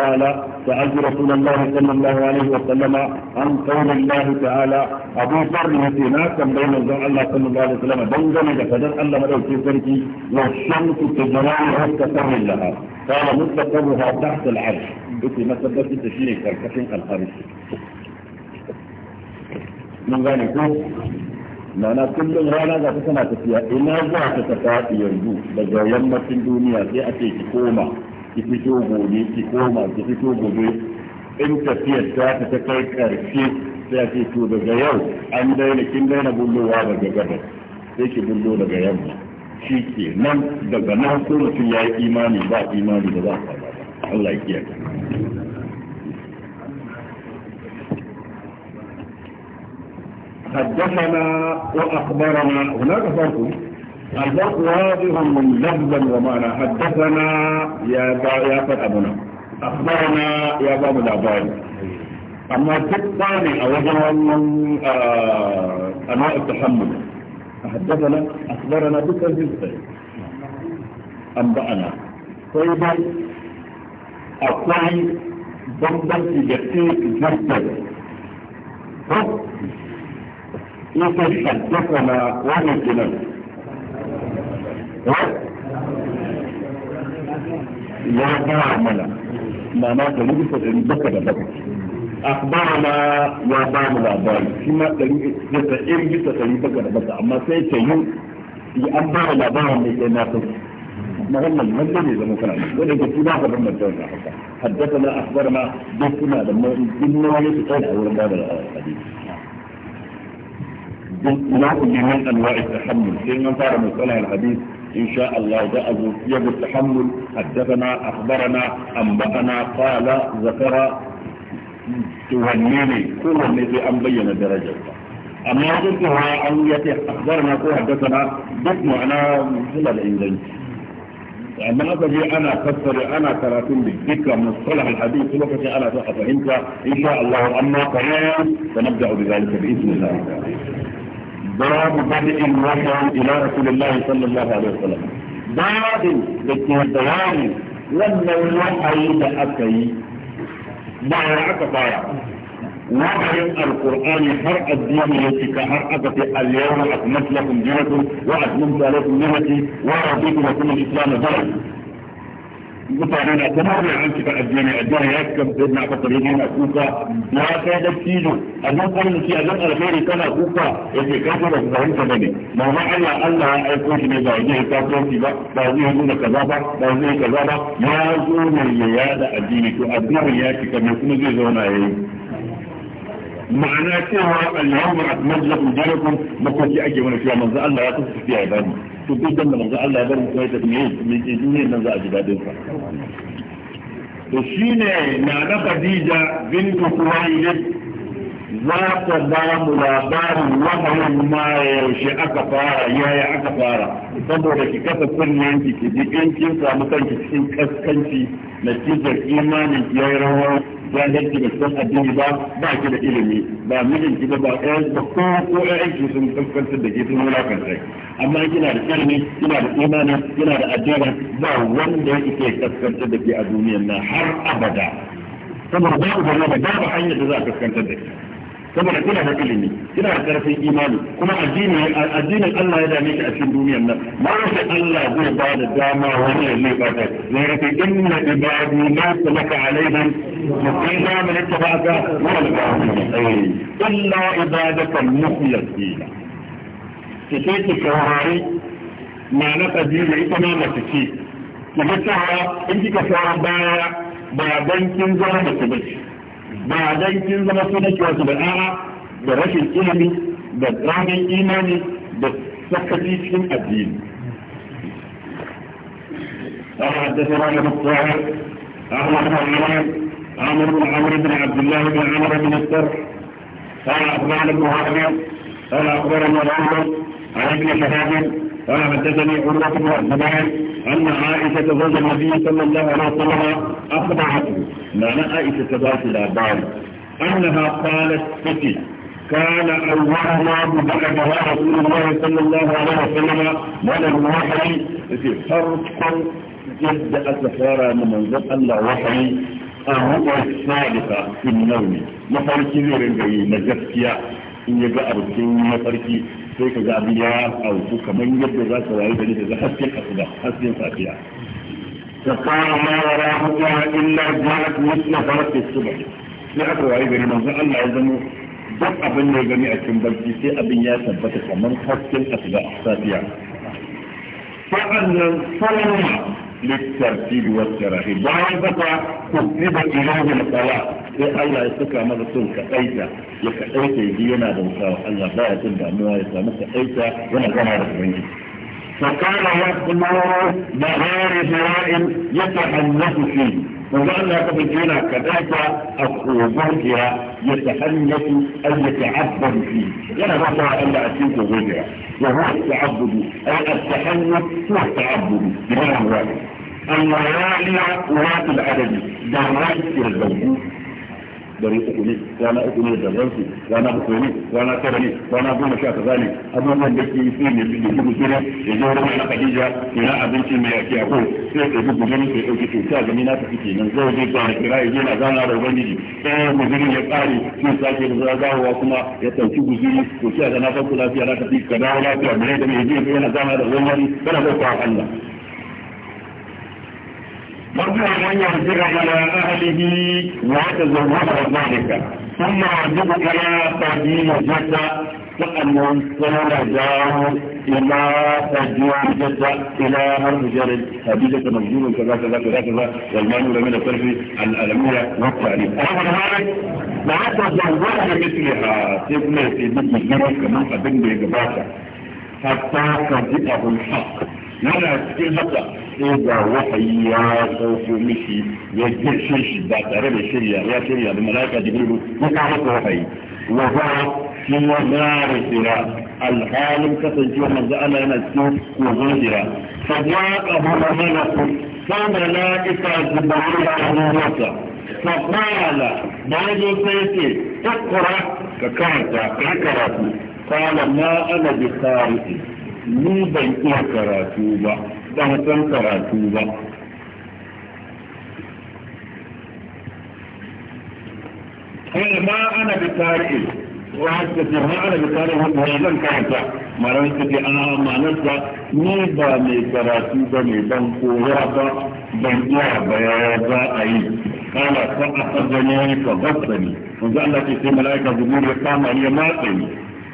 قال سالت رسول الله صلى الله عليه وسلم عن قول الله تعالى ابو في يتناكم بين الله صلى الله عليه وسلم دنجل لقدر الله في سركي والشمس تجران حتى تر لها قال مستقرها تحت العرش في مسبب تشير كركشن القريش من ذلك mana kullum rana za ta tana tafiya ina za ta ta faɗi yanzu daga yammacin duniya sai a ce ki koma ki fito gobe ki koma ki fito gobe in tafiyar ta ta ta kai ƙarshe sai a ce to daga yau an daina kin daina bullowa daga gabas sai ki bullo daga yamma shi ke nan daga nan ko mutum ya yi imani ba imani da za a ba Allah ya kiyaye حدثنا وأخبرنا هناك فرق الفرق واضح من لفظا ومعنى حدثنا يا يا فتحنا أخبرنا يا باب الأبواب أما تقاني أوجه آه، أنواع التحمل حدثنا أخبرنا بكل جزء أنبأنا طيب الطعي بمضل في جسيم جسد يقول حدثنا وانا كلام لا تعمل ما ما تريد فتري بكة بكة أخبارنا يا بام الأباري كما تريد فتري فتري بكة بكة أما سيتيو يأبار الأباري لكينا فتري مغنى المدني إذا ممكن ولكن في بعض الرمى الدولة حدثنا أخبارنا بسنا لما إنه يتقال أولا باب الحديث نعبد من انواع التحمل في من صار مثلا الحديث ان شاء الله ده ابو يد التحمل حدثنا اخبرنا انبانا قال ذكر تهنيني كل الذي ان بين درجته اما قلتها ان اخبرنا كل حدثنا دك معنا مثل الانجليزي يعني اما ابدي انا فسر انا تراتم بالذكر من صلح الحديث في وقت انا فهمت ان شاء الله اما قرار فنبدا بذلك باذن الله تعالى باب بدء الوحي الى رسول الله صلى الله عليه وسلم بعد دكي بيان لما الوحي لأكي اكاي ده اكا وعين القرآن هر الدين يتكى هر أكت اليوم أكملت لكم دينكم وأتممت عليكم نعمتي ورضيت لكم الإسلام درجة mutane na kuma da an shiga addini addini ya kan sai na ka ne na kuka na kai da ne a nan kan shi a nan alheri kana kuka yace ka fara da hanta bane ma ma Allah Allah ya aiko shi ne ba zai ka ko shi ba ba zai yi nuna kaza ba ba zai yi kaza ba ya zo ne ya yada addini to addini ya cika ne kuma zai zauna yayi ma'ana cewa al-yawma akmaltu lakum dinakum makoki ake wani cewa manzo Allah ya kusa tafiya ibadi to duk da manzo Allah ya bar mu kai da me me ke duniyar nan za a ji dadin sa to shine na na Khadija bintu Khuwaylid za ta ba mu labarin wahayin ma yaushe aka fara yaya aka fara saboda ki kasa kunnen ki ki ji in kin samu kanki cikin kaskanci na natijar imanin ki yayi rawar jahilci da san addini ba ba ki da ilimi ba mijin ki ba ba ɗayan ba ko ko ɗayan ki sun kaskantar da ke sun wulakanta amma kina da ilimi kina da imanin kina da addini ba wanda yake kaskantar da ke a duniyar nan har abada saboda babu gaba da babu hanyar da za a kaskantar da ke saboda kuna da ilimi kina da karfin imani kuma addinin addinin Allah ya dame ki a cikin duniyar nan ma sai Allah zai ba da dama wani ya lefa ta zai rike inna ibadi la salaka alaihim musiba man ittaba'aka wa al-ghafirin illa ibadaka al-mukhlasin ki sai ki saurari ma na kabila ita ma mace ce ki ga cewa in kika saurari baya ba bankin zama mace bace ba dai kin zama sunan ki wasu da a'a da rashin ilimi da ramin imani da sakaci cikin addini عمر بن عمر بن عبد الله بن عمر بن السر قال اخبرنا ابن هرمز قال اخبرنا عمر عن ابن شهاب قال حدثني عروة بن الزبير أن عائشة زوج النبي صلى الله عليه وسلم أخبرته معنى عائشة ذات الأبان أنها قالت فتي كان أولنا ببلدها رسول الله صلى الله عليه وسلم من الوحي في فرق جد أسفارا من منظر الله وحي الرؤى الصادقة في النوم مفارك ذي رجعي نجفكيا إن يجأ رسول sai ka ga abin ya auku kamar yadda za ka wayi gari da hasken asuba hasken safiya فقال ما وراءها إلا جاءت مثل فرق الصبح sai aka wayi gari manzo Allah ya zama duk abin da ya gani a cikin barci sai abin ya tabbata kamar hasken asuba safiya فأن صلى للترتيب والتراحيب وعندك كتب إليه الصلاة sai Allah ya saka masa son kaɗaita ya kaɗaita ya ji yana bauta wa Allah ba ya jin damuwa ya samu kaɗaita yana gana da ubangiji فكان يقمر بغير ذراع يتحنث فيه وقال لك بجينا كذلك أخوضوكها يتحنث أن يتعبد فيه أنا بطلع أن أتيك غيرها وهو التعبد أي التحنث هو التعبد بمعنى واحد الميالي وات العدد دراج الزوجين Bari uku ne rana uku ne da ransu rana bakwai ne rana tara ne rana goma sha kaza ne abubuwan da ke su ne su ne dubu sura ya zo wurin na kadija kira abinci mai yaki ako sai ya dubu gani sai ɗauki cuta gani na tafi kenan zai zai ta kira ya je na zana da ubangiji sai guzurin ya ƙare sai sake da dawowa kuma ya ɗauki guzuri to sai ga na farko lafiya na tafi ka dawo lafiya mai da mai je yana zana da ubangiji kana zai kwa Allah مرجع أن يرجع إلى أهله ويتزوج ذلك ثم يجب إلى تقديم الجدة فأن صار جاره إلى تجوع الجدة إلى أرض جرد هديدة مجنون كذا كذا كذا كذا والمعنى من الطرف الألمية والتعليم أول ذلك بعد زوجها مثلها تبنى في بيت مجنون كما قدم بإجباتها حتى كذبه yana cikin haka sai ga wahayi ya sauko mishi ya girshe shi ba tare da shirya ya shirya da malaka jibrilu ya kawo masa wahayi wa huwa fi nari sira alhalin kasancewa manzo Allah yana cikin kogon sira fa ja'ahu malakun fa malaika jibrilu ya masa فقال بعد سيتي اقرأ فكانت اقرأ قال ما أنا بقارئ ni ban iya karatu ba ban san karatu ba kai ma ana da tarihi wa haka ce ma ana da tarihi wanda ya zan karanta marar ta ce ana manarsa ni ba mai karatu ba ne ban koya ba ban iya baya za a yi kala ta a tsargani ka basta ne wanzu Allah ce sai mala'ika zubur ya kama ya ne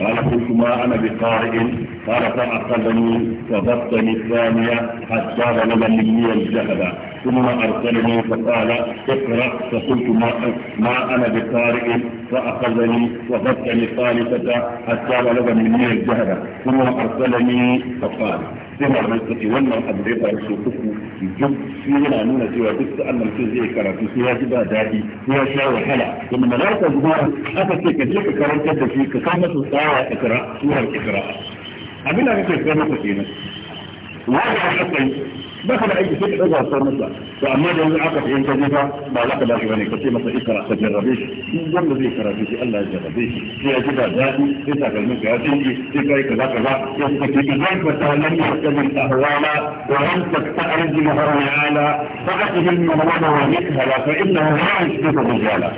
قال قلت ما انا بقارئ قال فاخذني فضبطني الثانيه حتى بلغ مني الجهد ثم ارسلني فقال اقرا فقلت ما ما انا بقارئ فاخذني وضبطني الثالثه حتى بلغ مني الجهد ثم ارسلني فقال sai malamai suka ce wannan abu da ya faru so uku duk shi yana nuna cewa duk sa'an da mutum zai karatu sai ya ji ba daɗi sai ya sha wahala kuma malaika zuwa aka ce ka je ka karantar da shi ka kama su tsara ikra surar ikra abin da kake sai masa kenan wanda aka sai ba ka da aiki sai ka ɗauka wasu masa to amma da yanzu aka fahimta ne fa ba za ka ba shi bane ka ce masa ikra ka jarrabe shi in wanda zai karatu shi Allah ya jarrabe shi sai ya ji ba daɗi sai takalmin ka ya tsinke sai kai kaza kaza ya suka ce idan ka ta lam yahtamin ahwala wa lam tasta'rid mahara ala fa aqbil mawada wa mithala fa innahu la yashbihu rijala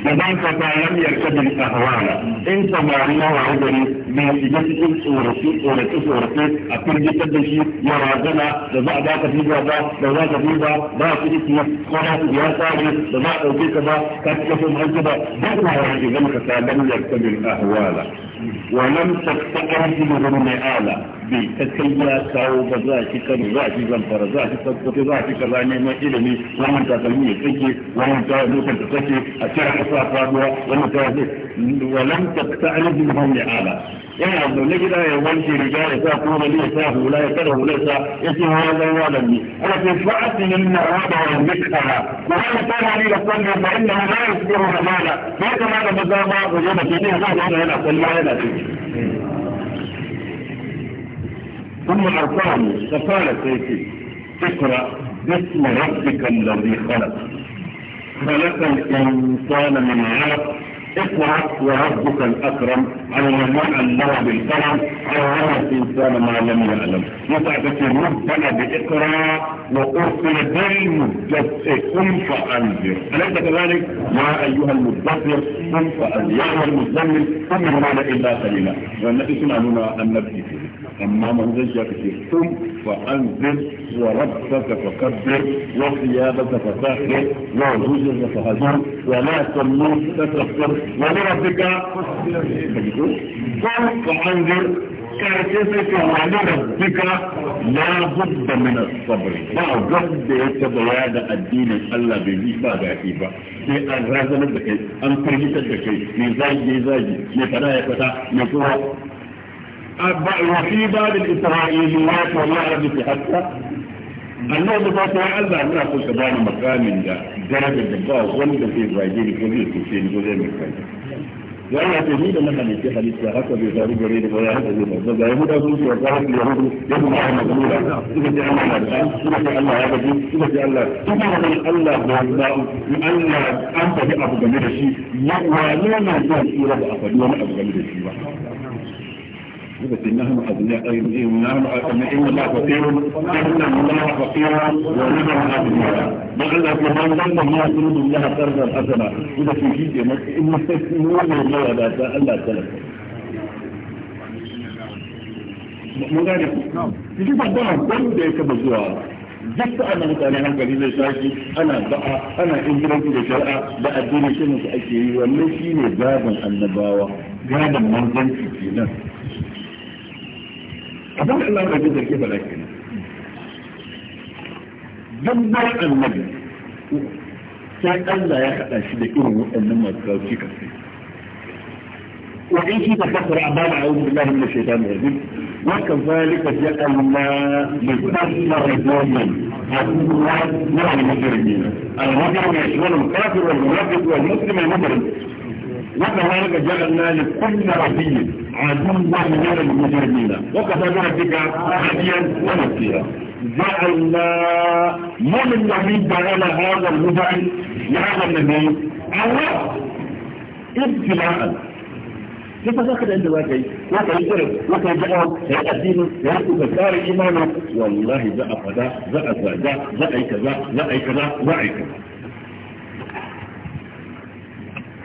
idan ka ta lam yahtamin ahwala in samariya wa rajuli mai shiga cikin tsorafi tsorafi tsorafi a firgitar da shi ya razana da za a za ka biza ba ba za ka biza ba ki diki ko na ku ya tsari ba za ka dauke ka ba ka ci kafin hanci ba duk ma ya ji ganka saban yaktabil ahwala wa lam tastaqim bi ala bai ta kai ya kawo ba za shi kano za shi zamfara za shi sakkwato za shi kaza neman ilimi wannan takalmi ya tsake wannan ta lokacin ta tsake a cire kasa faduwa wannan ta zai walam ta ta alifin ban ya ala yana zaune gida ya wanke riga ya sa kuma ya sa hula ya kada hula sa ya ce wa zan wa da ni ana ce fa'atinin na wada wa mikara ko wani tana ni da kwallon ba inda ma ya shigar wa hamala ya kamata maza ba wajen da ke ne ya zama yana kwallon yana ciki ثم أرسلني فقال سيدي اقرأ باسم ربك الذي خلق خلق الإنسان من علق اقرأ وربك الأكرم على علم الله بالكرم ما الإنسان ما لم يعلم يتعبك المبتلى بإقرأ وأرسل بالمدفئ قم فأنذر أليس كذلك يا أيها المدبر قم فأنذر يا أيها المزمل قم هنا إلا قليلا والنبي سمعنا نبكي فيه أما من رجع السم فأنزل وربك فكبر وثيابك فطهر وجوزك فهجر ولا تموت تكفر ولربك ثم فأنزل كاتبك ولربك لا بد من الصبر لا بد يتبع الدين الله بذي فاقاتي با في الرازل بكي أن ترجتك بكي مزاجي زاجي مفلا يفتا مفلا وفي باب الاسرائيليات والله في حتى النوع بطاقة ألا أن أقول كبان مكان من جرد الدقاء وغنب في إسرائيل كل يتكسين جزئ من كان يعني أتجيب أنها من كيف حديث حتى في ظهر جريد ويهد الوحيد فإذا يهود أقول في الظهر اليهود يهد الله مغمورا إذا جاء الله مرحان إذا جاء الله عبد إذا جاء الله إذا جاء الله بأن الله أنت في أبو جميل الشيء يعني أنا أتجيب أبو جميل الشيء وحيد يبقى إنهم أبناء إنهم أبناء إن الله فقير إن الله فقير ونبع أبناء بغل أبناء لما ما يريد الله قرضا حسنا إذا في جيد إن يستثمون الله لا تألا تلك mun gane ku shi ba ba wanda ya kaba zuwa duk da ana mutane hankali zai tashi ana ba'a ana ingilanci da shari'a da addini shi ne ake yi wannan shine gaban annabawa gaban manzanci kenan أدعوش الله أن جزء كيف لكن دمر النبي سأل لا يخطى شدكوه أنما تكاوشي كفي وإن شيء تفكر أبان أعوذ بالله من الشيطان الرجيم وكذلك جاء الله لتبصر دوما أقول الله نوع المجرمين الرجل يشغل الكافر والمنافق والمسلم المجرم وكذلك جعلنا لكل ربي عدوا من المجرمين وكفى ربك هديا ونصيرا جعلنا من الذي جعل هذا الهدى لهذا النبي الله ابتلاء كيف تاخذ عند واقعي واقعي جرب واقعي جرب هيئة دينه هيئة الدار إيمانه والله ذا أفدا ذا أفدا ذا أي كذا ذا أي كذا ذا أي كذا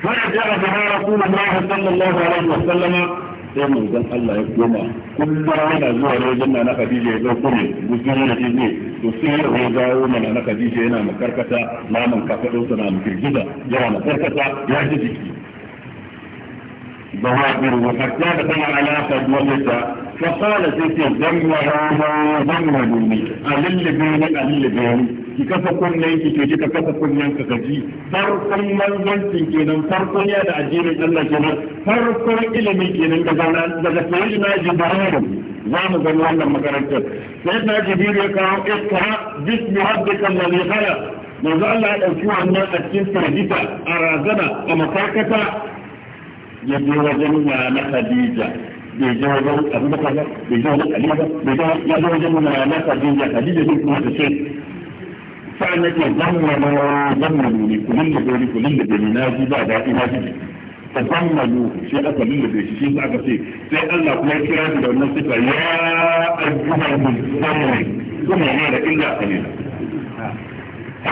فنزل بها رسول الله صلى الله عليه وسلم sai manzon Allah ya koma kullum yana zuwa wajen na Khadija ya dauko ne guzurin da ne to sai ya dawo mana na Khadija yana makarkata naman kafadon sa na girgiza yana makarkata ya ji jiki ظواهر وحتى دخل على فضلتها فقال سيدي ضمها ضمها مني ألل بيني ألل بيني ki kasa kunnen ki ki ka kasa kunnen ka gaji farkon manzancin kenan farkon ya da addinin Allah kenan farkon ilimi kenan daga daga da Jibril za mu gani wannan makarantar sayyidina Jibril ya kawo ikra bismi rabbikal ladhi khalaq yanzu Allah ya dauki wannan a cikin a razana a matakata ya je wajen na Khadija bai je wajen Abubakar bai je wajen Ali ba bai je wajen na Khadija Khadija kuma ta ce sa'an nake zammanu zammanu ne ku lullube ni ku lullube ni na ji ba daɗi na ji ta zammanu shi aka lullube shi shi aka ce sai Allah kuma ya kira shi da wannan sifa ya ayyuhal muzammin kuma yana da illa kalila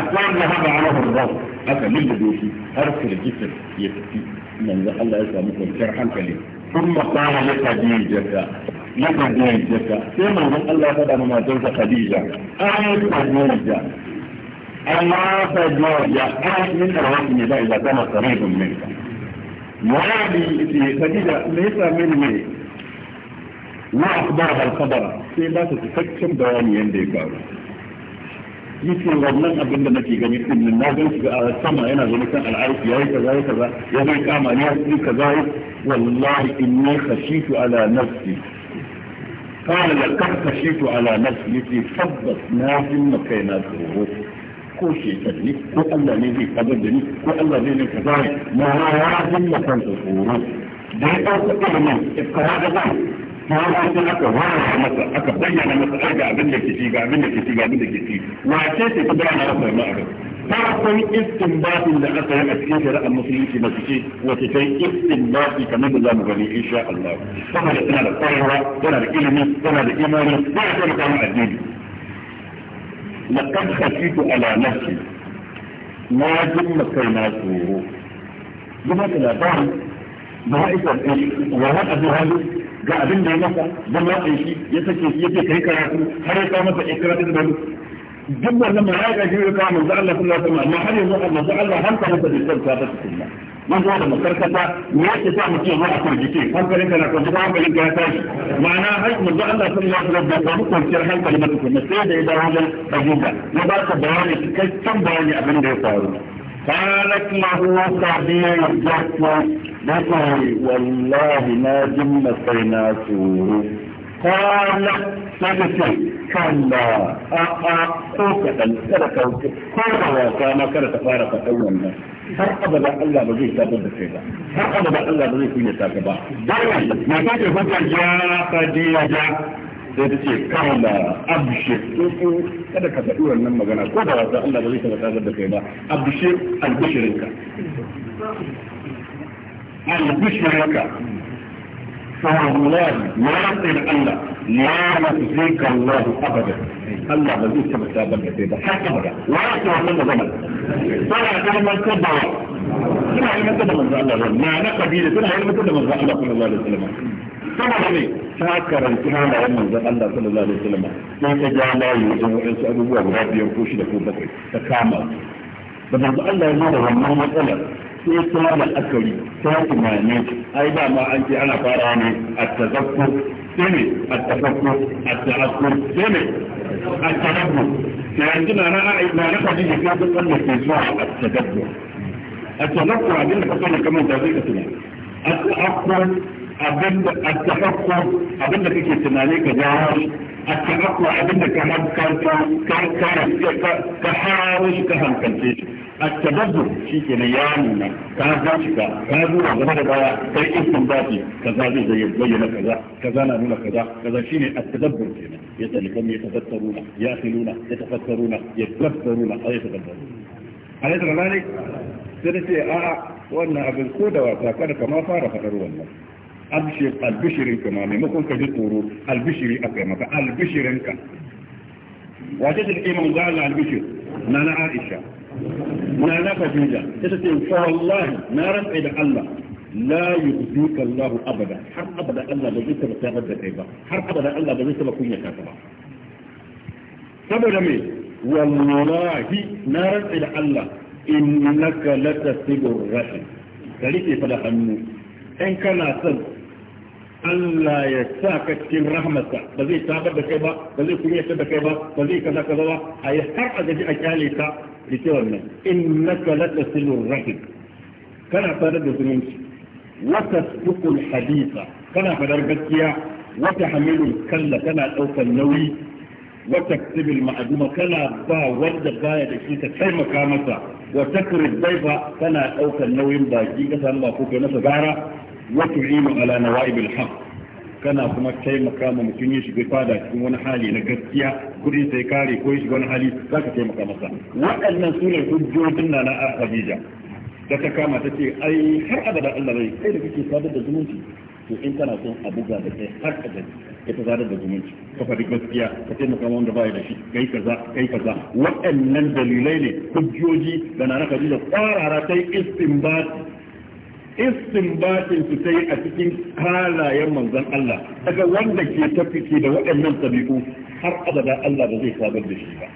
akwai na haɗa ala hurra aka lullube shi har firgitar ya tafi manzo Allah ya samu kwanciyar hankali ثم قال لخديجة لخديجة كما أن الله قد أمامتك خديجة أي خديجة الله يحتاج من الوزن ده إذا كان قريب منك مرابي في سبيل ليس من ميت ما الخبر في لا تتفكر دواني عندي قال يمكن ربنا قبل ما تيجي يمكن من نازل في السماء أنا زي مثلا العرس يا ريت كذا كذا يا ريت اعمل يا ريت كذا والله اني خشيت على نفسي قال لقد خشيت على نفسي في فضة نازل مكان الظروف ko shekaru ne ko Allah ne zai kabar da ni ko Allah ne zai kaza ne ma ya dinga kan tsoro da ya ɗauka ilimin iskara da zai ta yi sai aka wara masa aka bayyana masa ai ga abin da ke ci ga abin da ke ci ga abin da ke ci wace ce ta bayyana masa wannan abin farkon istinbatin da aka yi a cikin shari'ar musulunci na fice wace ta yi istinbati kamar da zamu gani insha Allah saboda tana da kwarewa tana da ilimi tana da imani ba ta da kama addini laqad khafitu ala nafsi na jimma kaina tsoro yana da labarin da ma'aikar ɗin wa haɗa da hali ga abin da ya masa zama ɗin shi ya sake shi yake kai karatu har ya kawo masa ikra da zalu duk wannan ma'aikar shi ya kawo manzo Allah sallallahu alaihi wasallam amma har yanzu manzo Allah hankalinsa bai tsarta ba tukunna man zuwa da makarkata me yake sa mutum ya zuwa kurjike hankalin ka na kurjike hankalin ka ya tashi ma'ana har mu ga Allah sallallahu alaihi wasallam ba mu kwanciyar hankali ba tukunna sai da ya dawo da ajuba ya ba ka bayani cikakken bayani abin da ya faru قالت له صديقته بقي والله ما جمسينا سوره قال سبت كلا أأ كوكا كلا كوكا كوكا وكما كلا تفارق أولا har abada Allah ba zai tabar da kai ba har abada Allah ba zai kunya ta ka ba dai na ta ce hukar ya fadiya ya sai ta ce kawala abshir kada ka faɗi wannan magana ko da wasa Allah ba zai tabar da kai ba abshir albishirinka albishirinka فهمولان يرضي الله لا يخزيك الله ابدا الله ما زيد كما تابع بسيطة حتى ابدا ولا تعمل زمن صنع كلمة كبرى صنع كلمة كبرى من الله معنى قبيلة صنع كلمة كبرى من الله صلى الله عليه وسلم saboda ne ta karanci halayen manzon Allah sallallahu alaihi wasallam sai ta ja layi wajen wadansu abubuwa guda biyar ko shida ko da manzo Allah ya mara wannan matsalar sai ta da akari ta tunani ai ba ma an ce ana fara ne a tazakku sai ne a tazakku a tazakku sai ne a tazakku sai yanzu na na ai na na fadi ne sai wannan ke zuwa a tazakku a tazakku abin da kake kamar da zai ka tunani a tazakku abin da a tazakku abin da kake tunani ka jawo a tazakku abin da ka hankalta ka ka ka ka harawo shi ka hankalce shi التبذر شيء يعني كذا شكا كذا غمد بايا كي استنباطي كذا زي زي بين كذا كذا نقول كذا كذا شيء التدبر كنا يتلكم يتفكرون يأخلون يتفكرون يتفكرون أي يتدبرون أليس كذلك؟ سنتي آه وأن أبو الكودة وأتاكد كما فار فقر والله أبشر البشرين كما ممكن أكرمك كان وجدت الإمام قال البشر نانا عائشة na na fadija ta ce fa wallahi na rantsa da Allah la yu'zika Allah abada har abada Allah ba zai taba tabar da kai ba har abada Allah ba zai taba kunya ka ba saboda me wallahi na rantsa da Allah innaka latasibur rahim ka da hannu in kana son Allah ya sa ka cikin rahmasa ba zai tabar da kai ba ba zai kunyatar da kai ba ba zai kaza kaza ba a yi har a gaji a kyale ka da ke wannan innaka latasilur rahim kana fadar da zumunci wata sukul hadisa kana fadar gaskiya wata hamilul kalla kana daukar nauyi wata tibil ma'aduma kana ba wanda baya da shi ka taimaka masa wa takrid daifa kana daukar nauyin baki ka samu ba ko kai masa gara wa tu'inu ala nawaibil haqq kana kuma taimaka ma mutum ya shiga fada cikin wani hali na gaskiya kudin sai kare ko ya shiga wani hali za ka taimaka masa waɗannan su ne hujjojin na na Khadija da ta kama ta ce ai har abada Allah rai kai da kake sadar da zumunci to in kana son a buga da kai har abada ya ta sadar da zumunci ka faɗi gaskiya ka taimaka wanda ba da shi kai kaza kai kaza waɗannan dalilai ne hujjoji da na Khadija kwarara ta yi istinbati istinbatin su sai a cikin halayen manzon Allah daga wanda ke tafiki da waɗannan tabi'u har abada Allah ba zai sabar da shi ba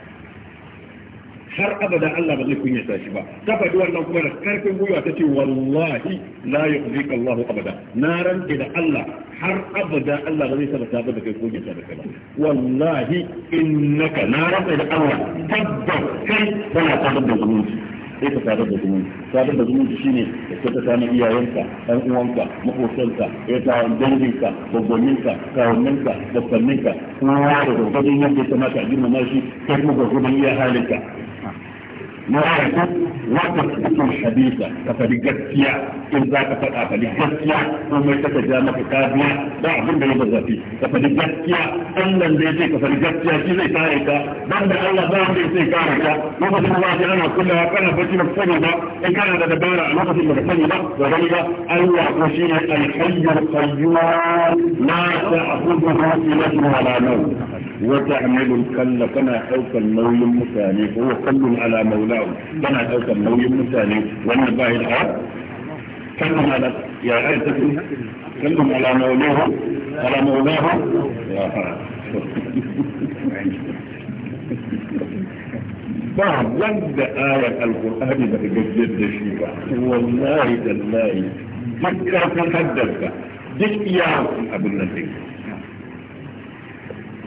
har abada Allah ba zai kunyata shi ba ta faɗi wannan kuma da karfin gwiwa ta ce wallahi la yu'zika Allahu abada na ranke da Allah har abada Allah ba zai saba ta da kai ko ya saba kai wallahi innaka na ranke da Allah tabbas kai kana saba da zumunci sai ka sadar da zumunci sadar da zumunci shine ka ta na iyayenka ɗan uwanka makosanka ya eh, tawon danginka gwagwaninka kawuninka bakwanninka kowa da gwagwanin yadda ya kamata a girmama shi kai kuma gwagwanin iya halinka na yanzu wata cikin hadisa ka faɗi gaskiya in za ka faɗa faɗi gaskiya ko mai ta ja maka kabiya ba abin da ya zafi ka faɗi gaskiya Allah da yake ka faɗi gaskiya shi zai kare ka ban da Allah ba wanda yake kare ka lokacin da zaka ana kullawa kana bacci ba sani ba in kana da dabara a lokacin da ka sani ba ba gani ba Allah ko shi ne al-hayyul qayyum la ta'khudhuhu sinatun wa la nawm وتعمل الكل كما حوك النوي المثاني هو كل على مولاه كما حوك النوي المثاني والنباه الحر كلهم على يا عائزة كلهم على مولاه على مولاه يا بعض لد آية القرآن ده بجد الشيطة والله جلاله جد كافي حدثك جد يا رسول أبو النبي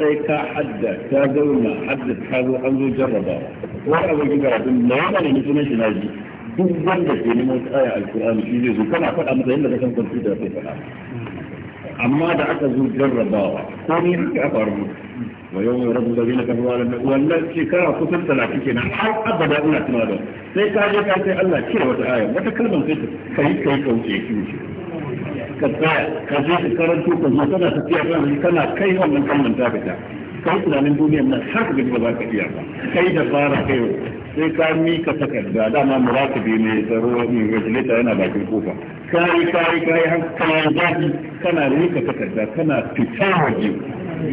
sai ka hadda ta zauna hadda ta zo an zo jarrabawa wani abokin karatun na yana ne sunan shi na ji duk wanda ke neman tsaya alkur'ani shi zai zo kana faɗa masa yadda kasan kwamfuta sai faɗa amma da aka zo jarrabawa ko ni haka a faru wa yau mai rabu da zai na kafa wa lannan wannan shekara kusan talatin kenan har abada ina tunawa da sai ka je ka sai Allah cire wata aya wata kalmar sai ka yi kai kauce ya kiwo ka tsaya ka je ka karanto ka zo kana tafiya kana kana kai wannan kallon ta fita kai tunanin duniyar nan har ka gaji ba za ka iya ba kai da fara kai sai ka mika takarda dama murakabi ne tsaro ne regulator yana bakin kofa kai kai kai har kana zafi kana mika takarda kana fita waje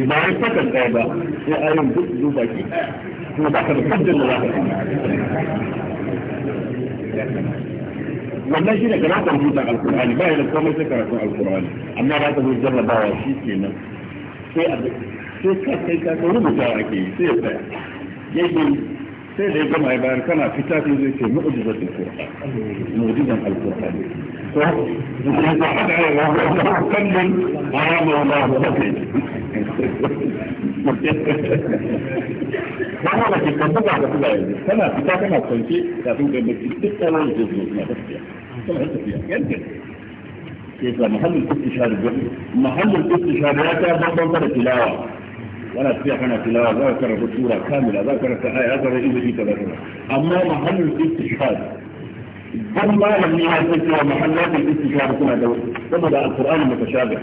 ba ya takarda ba sai ayin duk duba ki kuma ba ka da kaddin da za ka wannan shi ne ka zaka rubuta alkur'ani ba ya da komai sai karatu alkur'ani amma ba ta ka zo wa shi kenan sai a sai ka kai ka rubuta ake yi sai ya tsaya yake sai da ya gama ya bayar kana fita sai zai ce mu'jizat alkur'ani mu'jizan alkur'ani ko ba ma ke kan buga da buga yanzu kana fita kana kwance kafin kai bacci duk kana da zuwa suna tafiya suna tafiya yanke كيف محل الاستشهاد الجهل محل الاستشهاد لا تعبد عن تلاوة ولا تبيع عن تلاوة لا ذكر سورة كاملة ذكر آية ذكر إذا في تذكر أما محل الاستشهاد ثم لم يعرف محلات الاستشهاد كما دور ثم القرآن متشابه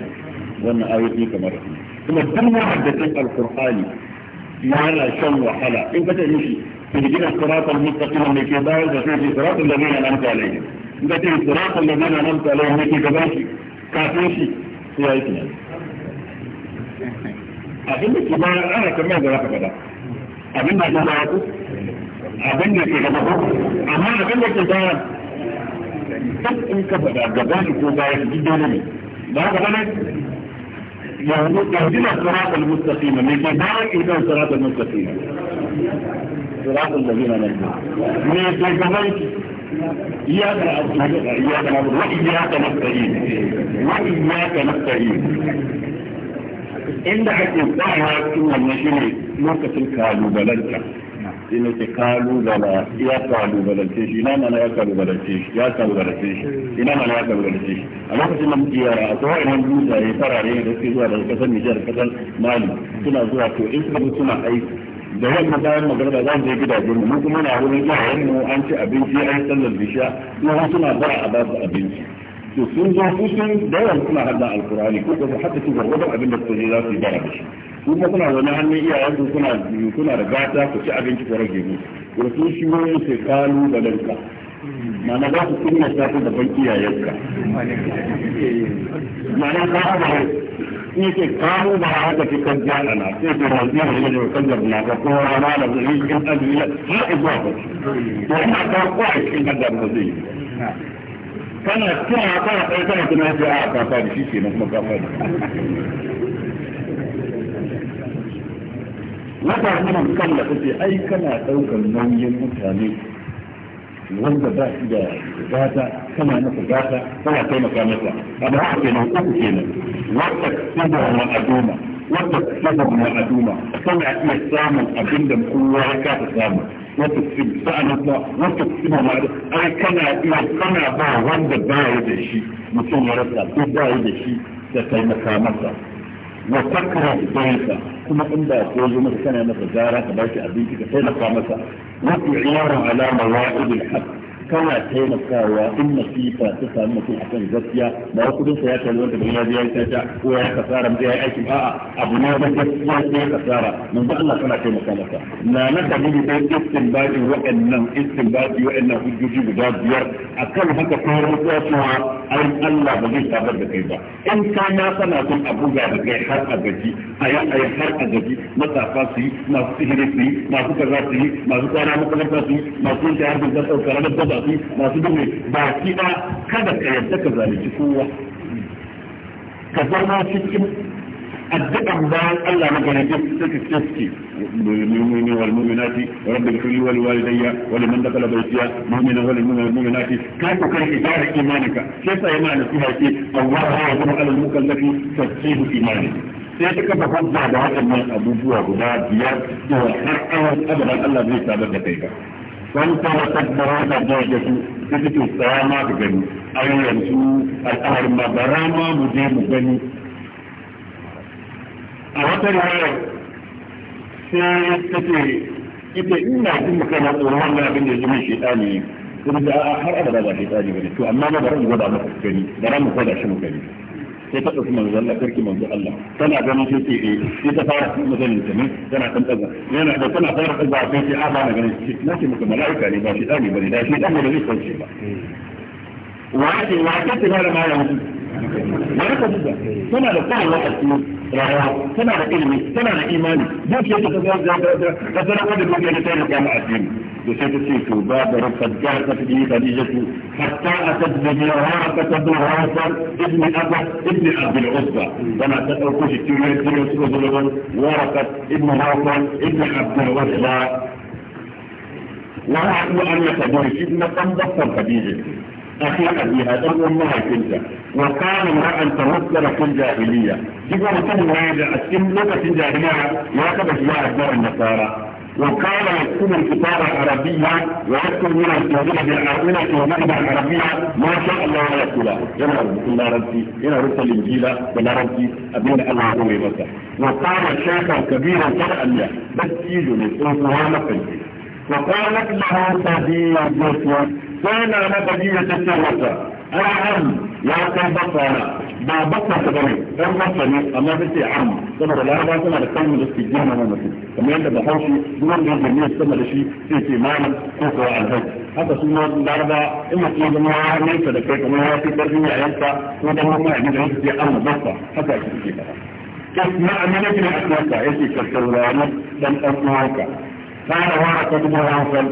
وأن آية كما رأينا ثم الدنيا حدثت القرآن ما معنى الشم وحلا ان فتح يشي تجدين الصراط المستقيم من كبار وفي صراط الذين انت عليه ان فتح الصراط الذين انت عليه من كبار كافيشي في ايتنا اخي الكبار انا كما يدرك هذا ابن الكبار ابن الكبار اما ابن الكبار كيف انك بدا جبان كوبا يجدونني ما قبلت يهدنا الصراط المستقيم من كبار إلى الصراط المستقيم صراط الذين نجمع من كبار إياك نعبد وإياك نستعين وإياك نستعين inda ake tsayawa cikin wannan shi ne lokacin sai na ce kalubala ya kalubalance shi ina mana ya kalubalance shi ya kalubalance shi ina mana ya kalubalance shi a lokacin da muke yara akwai wa'annan dutsaye farare da suke zuwa daga kasar Nijar kasar Mali suna zuwa to in suka suna aiki da wannan bayan magana za je gidajen mu kuma na wurin iyayen mu an ci abinci an sallar bishiya kuma suna bara a ba su abinci to sun zo kusan da yawan suna hada alkur'ani ko kuma hada su gwargwadon abin da kuka je za su yi bara da shi su ma kuna wani hannun iyayen ku kuna biyu kuna da gata ku ci abinci ku rage musu to sun shi wani sai kalu da lanka ma'ana za su kunna shafi da ban iyayenka ma'ana ba a ba ne ke kawo ba a haka fi kan jana na sai ke razi da yake kan jana ga ko rana da zai yi kan azumi har zuwa ba to ina ka kwa cikin kan da zai yi kana tuna a kana tsaye kana tuna sai a ah, kafa da shi ke nan kuma kafa da mata nan kan da kuke ai kana ɗaukar nauyin mutane wanda ba shi da gata kana masa gata kana taimaka masa abu haka kenan uku kenan wata wani ma'aduma wata tsibar ma'aduma a iya samun abin da kowa ya kasa samu وتسلم sa'anansa wata suna mara ai kana iya kana ba wanda ba ya da shi mutum ya rasa ko ba ya da shi da taimaka masa wa takra bayansa kuma inda ko zo maka kana masa gara ka baki abinci ka taimaka masa wa iyara ala mawa'id al-haqq kana taimakawa in masifa ta samu mutum akan gaskiya ba kudin sa ya kalli wanda ya biya ya ta ko ya kasara mu ya aiki a'a abu ne da gaskiya ko ya kasara mun ba Allah kana taimaka maka na na da mun da istinbadi wa'annan istinbadi wa'annan hujjoji guda biyar akan haka ko ruwa cewa ai Allah ba zai tabar da kai ba in ka na sana kun abu ga da kai har a gaji ayi ayi har a gaji matsafa su yi masu sihiri su yi masu kaza su yi masu kwana makalanta su yi masu yin da har da na da baki masu dume baki ba kada ka yarda ka zalunci kowa ka zama cikin addu'an bayan Allah na gare duk suka kiske mu'mini wal mu'minati rabbi ighfirli wa liwalidayya wa liman dakhala baytiya mu'mina wal mu'minati ka ku kai idara imaninka sai sai ma nasiha ce Allah ya zama alal mukallafi tasbihu imani sai ta kafa hujja da waɗannan abubuwa guda biyar to har awan abadan Allah zai sabar da kai ka وانطلقت براما زوجته تجد السلامة بجني mu ينسو mu gani, a مجيب بني أولا رواية سيستطيع ita ina jin kana tsoron wannan abin da ya zama shaitani ne kuma da har abada ba shaitani ba ne to amma ba mu gwada maka gani bari mu gwada shi mu gani sai ta ɗauki manzo Allah sarki manzo Allah tana ganin shi ce eh sai ta fara kuma zanin ta ne tana kan daga yana da tana fara daga sai ce a bana ganin shi na ce maka mala'ika ne ba shi dani bane da shi dan ba zai kauce ba wa ake wa ta tana da malamin bari ka duba tana da kwarewa a cikin rayuwa tana da ilimi tana da imani duk yadda ta zama da ta zama wanda duk yadda ta yi kama a cikin da sai ta ce to ba da rafa ga ta fi khadija tu hatta atat bi rawaka ta bi rawaka ibn abba ibn abdul uzza dana ta dauko shi cikin cikin suka zo da waraka ibn rawaka ibn abdul uzza wa ha'u an yatabashi na kan bakkan khadija akhi abiha dan umma hakinta وكان امرأة تمثل في الجاهلية إذا كان ما يجي أسكن الجاهلية يعتبر جماعة ابناء النصارى وقال يكتب الكتاب العربية ويكتب من الكهنة بالعربية الكهنة العربية ما شاء الله يكتبها هنا ربك الله ربي هنا ربك الإنجيل ولا ربي أبين الله هو يبسح وكان شيخا كبيرا كالأنيا بس يجوا من صوتها مقلبي وقالت له صديقة كان لدي الشهوة al'am ya kai basara ba basar ta bane dan basar ne amma sai ce am saboda laraba suna da kalmar da suke girma na mutum kamar yadda bahaushe duk wanda ya gani sama da shi sai ce malam ko ko alhaji haka su ma laraba in mutum ya zama ya nesa da kai kamar ya fi karfin yayanka ko dan kuma ya gida sai ce am basar haka ake ce fara kasma amina ne a kanka yake kakkaurani dan dan uwanka kana wara ka dubu hankali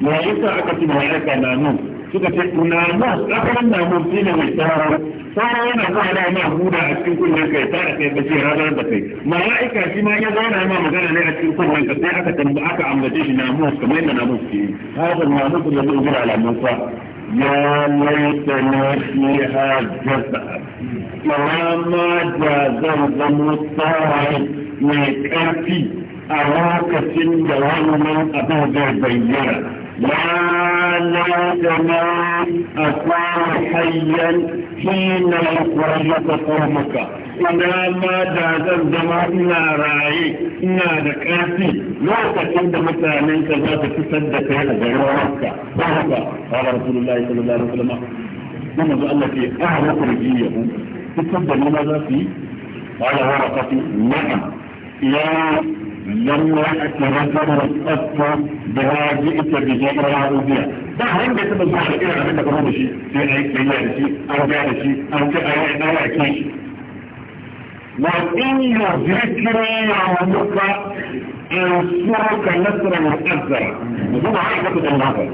ما yasa aka ci mala'ika namu suka ce namu asalin namu shi ne mai tsaro tsaro yana zuwa da ma huda a cikin kunnen kai ta kai bace ranar da kai mala'ika shi ma ya zauna ma magana ne a cikin kunnen kai sai aka tambu aka ambace shi namu kamar yadda namu ke yi hada namu da zai jira alamun fa ya laita na fi hajjata ya ma da zan zama tsawon mai ƙarfi a lokacin da wannan abin zai bayyana لا لا تنام أصار حيا حين يخرجك قومك إلا ما داد الزمان إلى رأي إلا ذكرتي لا تكند مكانك لا تصدق هذا جوابك قال رسول الله صلى الله عليه وسلم لما قال لك أهل رجيه تصدق لماذا في قال ورقة نعم يا لما اتذكر القصه بها جئت بجبر العبوديه ده هم بيتم الظهر كده انا بدك اقول شيء في عيد سيئه شيء او جاء شيء او كده انا اكيد وإن ذكري يومك ينصرك نصرا مؤذرا وده عايز اخد النظر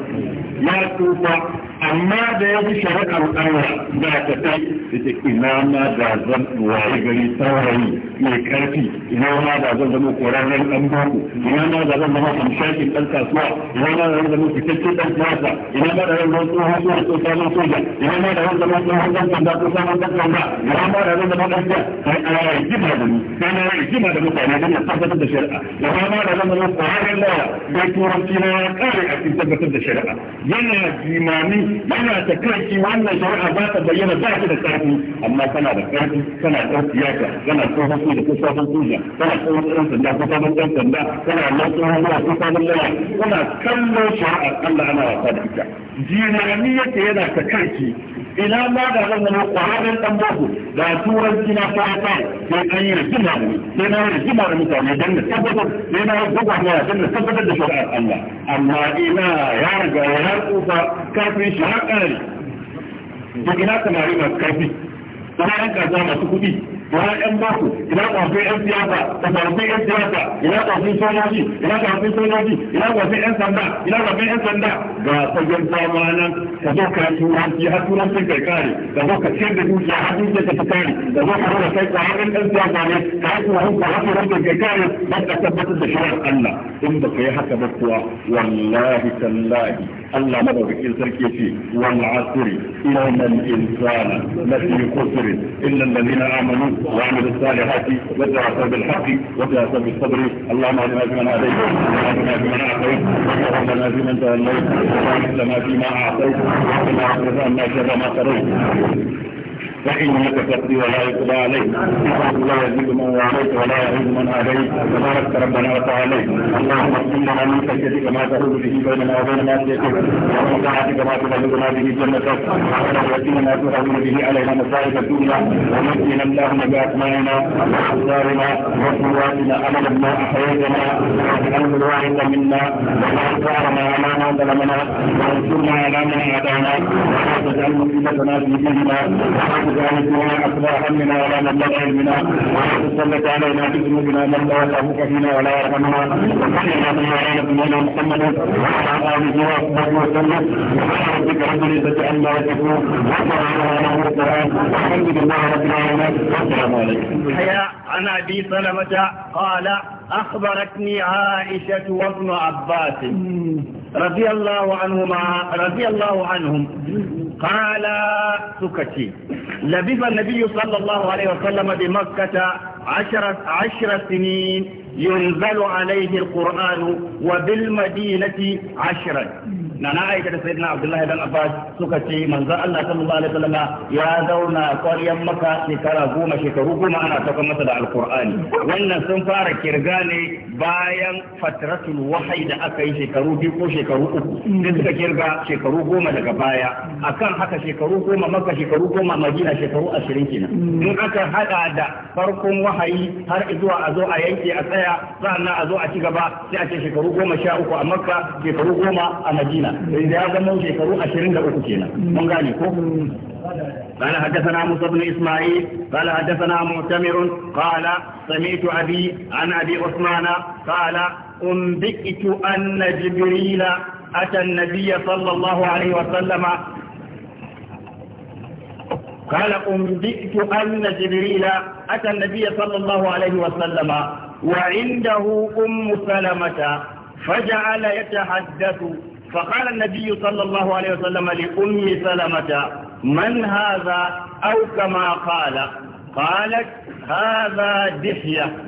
لا توفى amma da ya fi shari'ar Allah da ta kai ina ma da zan waye gari saurayi mai karfi ina ma da zan zama ƙorarren ɗan boko ina ma da zan zama hamshakin ɗan kasuwa ina ma da zan zama fitaccen ɗan siyasa ina ma da zan zama tsohon soja ko sabon soja ina ma da zan zama tsohon ɗan sanda ko sabon ɗan sanda ina ma da zan zama ɗan siyasa kai ana yi jima da ni kai na yi jima da mutane don ya tabbatar da shari'a ina ma da zan zama ƙorarren lawa da turanci na ya kare a cikin tabbatar da shari'a yana jimamin ganin ta kai wannan shari'a za ta bayyana ba ta da karfi amma kana da karfi kana ɗan siyasa kana tsohon hukumi da kusurfin soja tana tsohon ɗan sanda kusurfin ɗan sanda tana nan tsohon ruwa kusurfin lawa kana kallon shari'a Allah ana wasa da ita yake yana ta kai ina ma da zan zama kwararren dan boko ga turanci na fata sai an yi rigima ne sai na yi rigima da mutane dan da tabbatar sai na gaba ne dan da tabbatar da shari'ar Allah amma ina ya riga ya tsufa kafin shi har kare to ina samari masu karfi tsananin kaza masu kuɗi ina yan baku ina kwafin yan siyasa kwafin yan siyasa ina kwafin sojoji ina kwafin sojoji ina kwafin yan sanda ina kwafin yan sanda ga fagen fama nan ka zo ka turanci har turancin kai kare ka zo ka ciyar da dukiya har dukiya ka kare ka zo ka rura kai kwarin yan siyasa ne ka yi turanci ka har turancin kai kare don ka tabbatar da shirin Allah in ba ka yi haka ba kuwa wallahi tallahi الله مدى في إلتركيتي والعصر إلا من إنسان نفي قسر إلا الذين آمنوا وعملوا الصالحات وتعصوا بالحق وتعصوا بالصبر الله مدى في من أعطيك الله مدى في من أعطيك الله مدى في من تهليك الله مدى في من أعطيك الله مدى في من أعطيك الله مدى في من أعطيك فإنك تقضي ولا يقضى عليك لا يزيد من وعليك ولا يعيد من عليك تبارك ربنا وتعالى اللهم اغفر لنا من خشيتك ما تحول به بيننا وبين معصيتك ومن طاعتك ما تبلغنا به جنتك ومن يقين ما تحول به علينا مصائب الدنيا ومجدنا اللهم بأسمائنا وأبصارنا وقواتنا أبدا ما أحييتنا واجعله الواحد منا وما أنصارنا ما امانا ظلمنا وانصرنا على من عادانا ولا تجعل مصيبتنا في ديننا وجعلنا وعلى عن ابي سلمه قال أخبرتني عائشة وابن عباس رضي الله عنهما رضي الله عنهم قال سكتي لبث النبي صلى الله عليه وسلم بمكة عشر, عشر سنين ينزل عليه القرآن وبالمدينة عشرا na na aisha da sayyidina abdullahi dan abbas suka ce manzon Allah sallallahu alaihi wasallam ya zauna ƙwaryan maka shekara goma shekaru goma ana saukar masa da alqur'ani wannan sun fara kirga ne bayan fatratul wahyi da aka yi shekaru biyu ko shekaru uku inda suka kirga shekaru goma daga baya akan haka shekaru goma maka shekaru goma madina shekaru ashirin kenan in aka hada da farkon wahayi har zuwa a zo a yanke a tsaya sannan a zo a ci gaba sai a ce shekaru goma sha uku a makka shekaru goma a madina إذا sai ya zama shekaru 23 kenan قال حدثنا موسى بن اسماعيل قال حدثنا معتمر قال سمعت ابي عن ابي عثمان قال انبئت ان جبريل اتى النبي صلى الله عليه وسلم قال انبئت ان جبريل اتى النبي صلى الله عليه وسلم وعنده ام سلمه فجعل يتحدث فقال النبي صلى الله عليه وسلم لأم سلمة من هذا أو كما قال قالت هذا دحية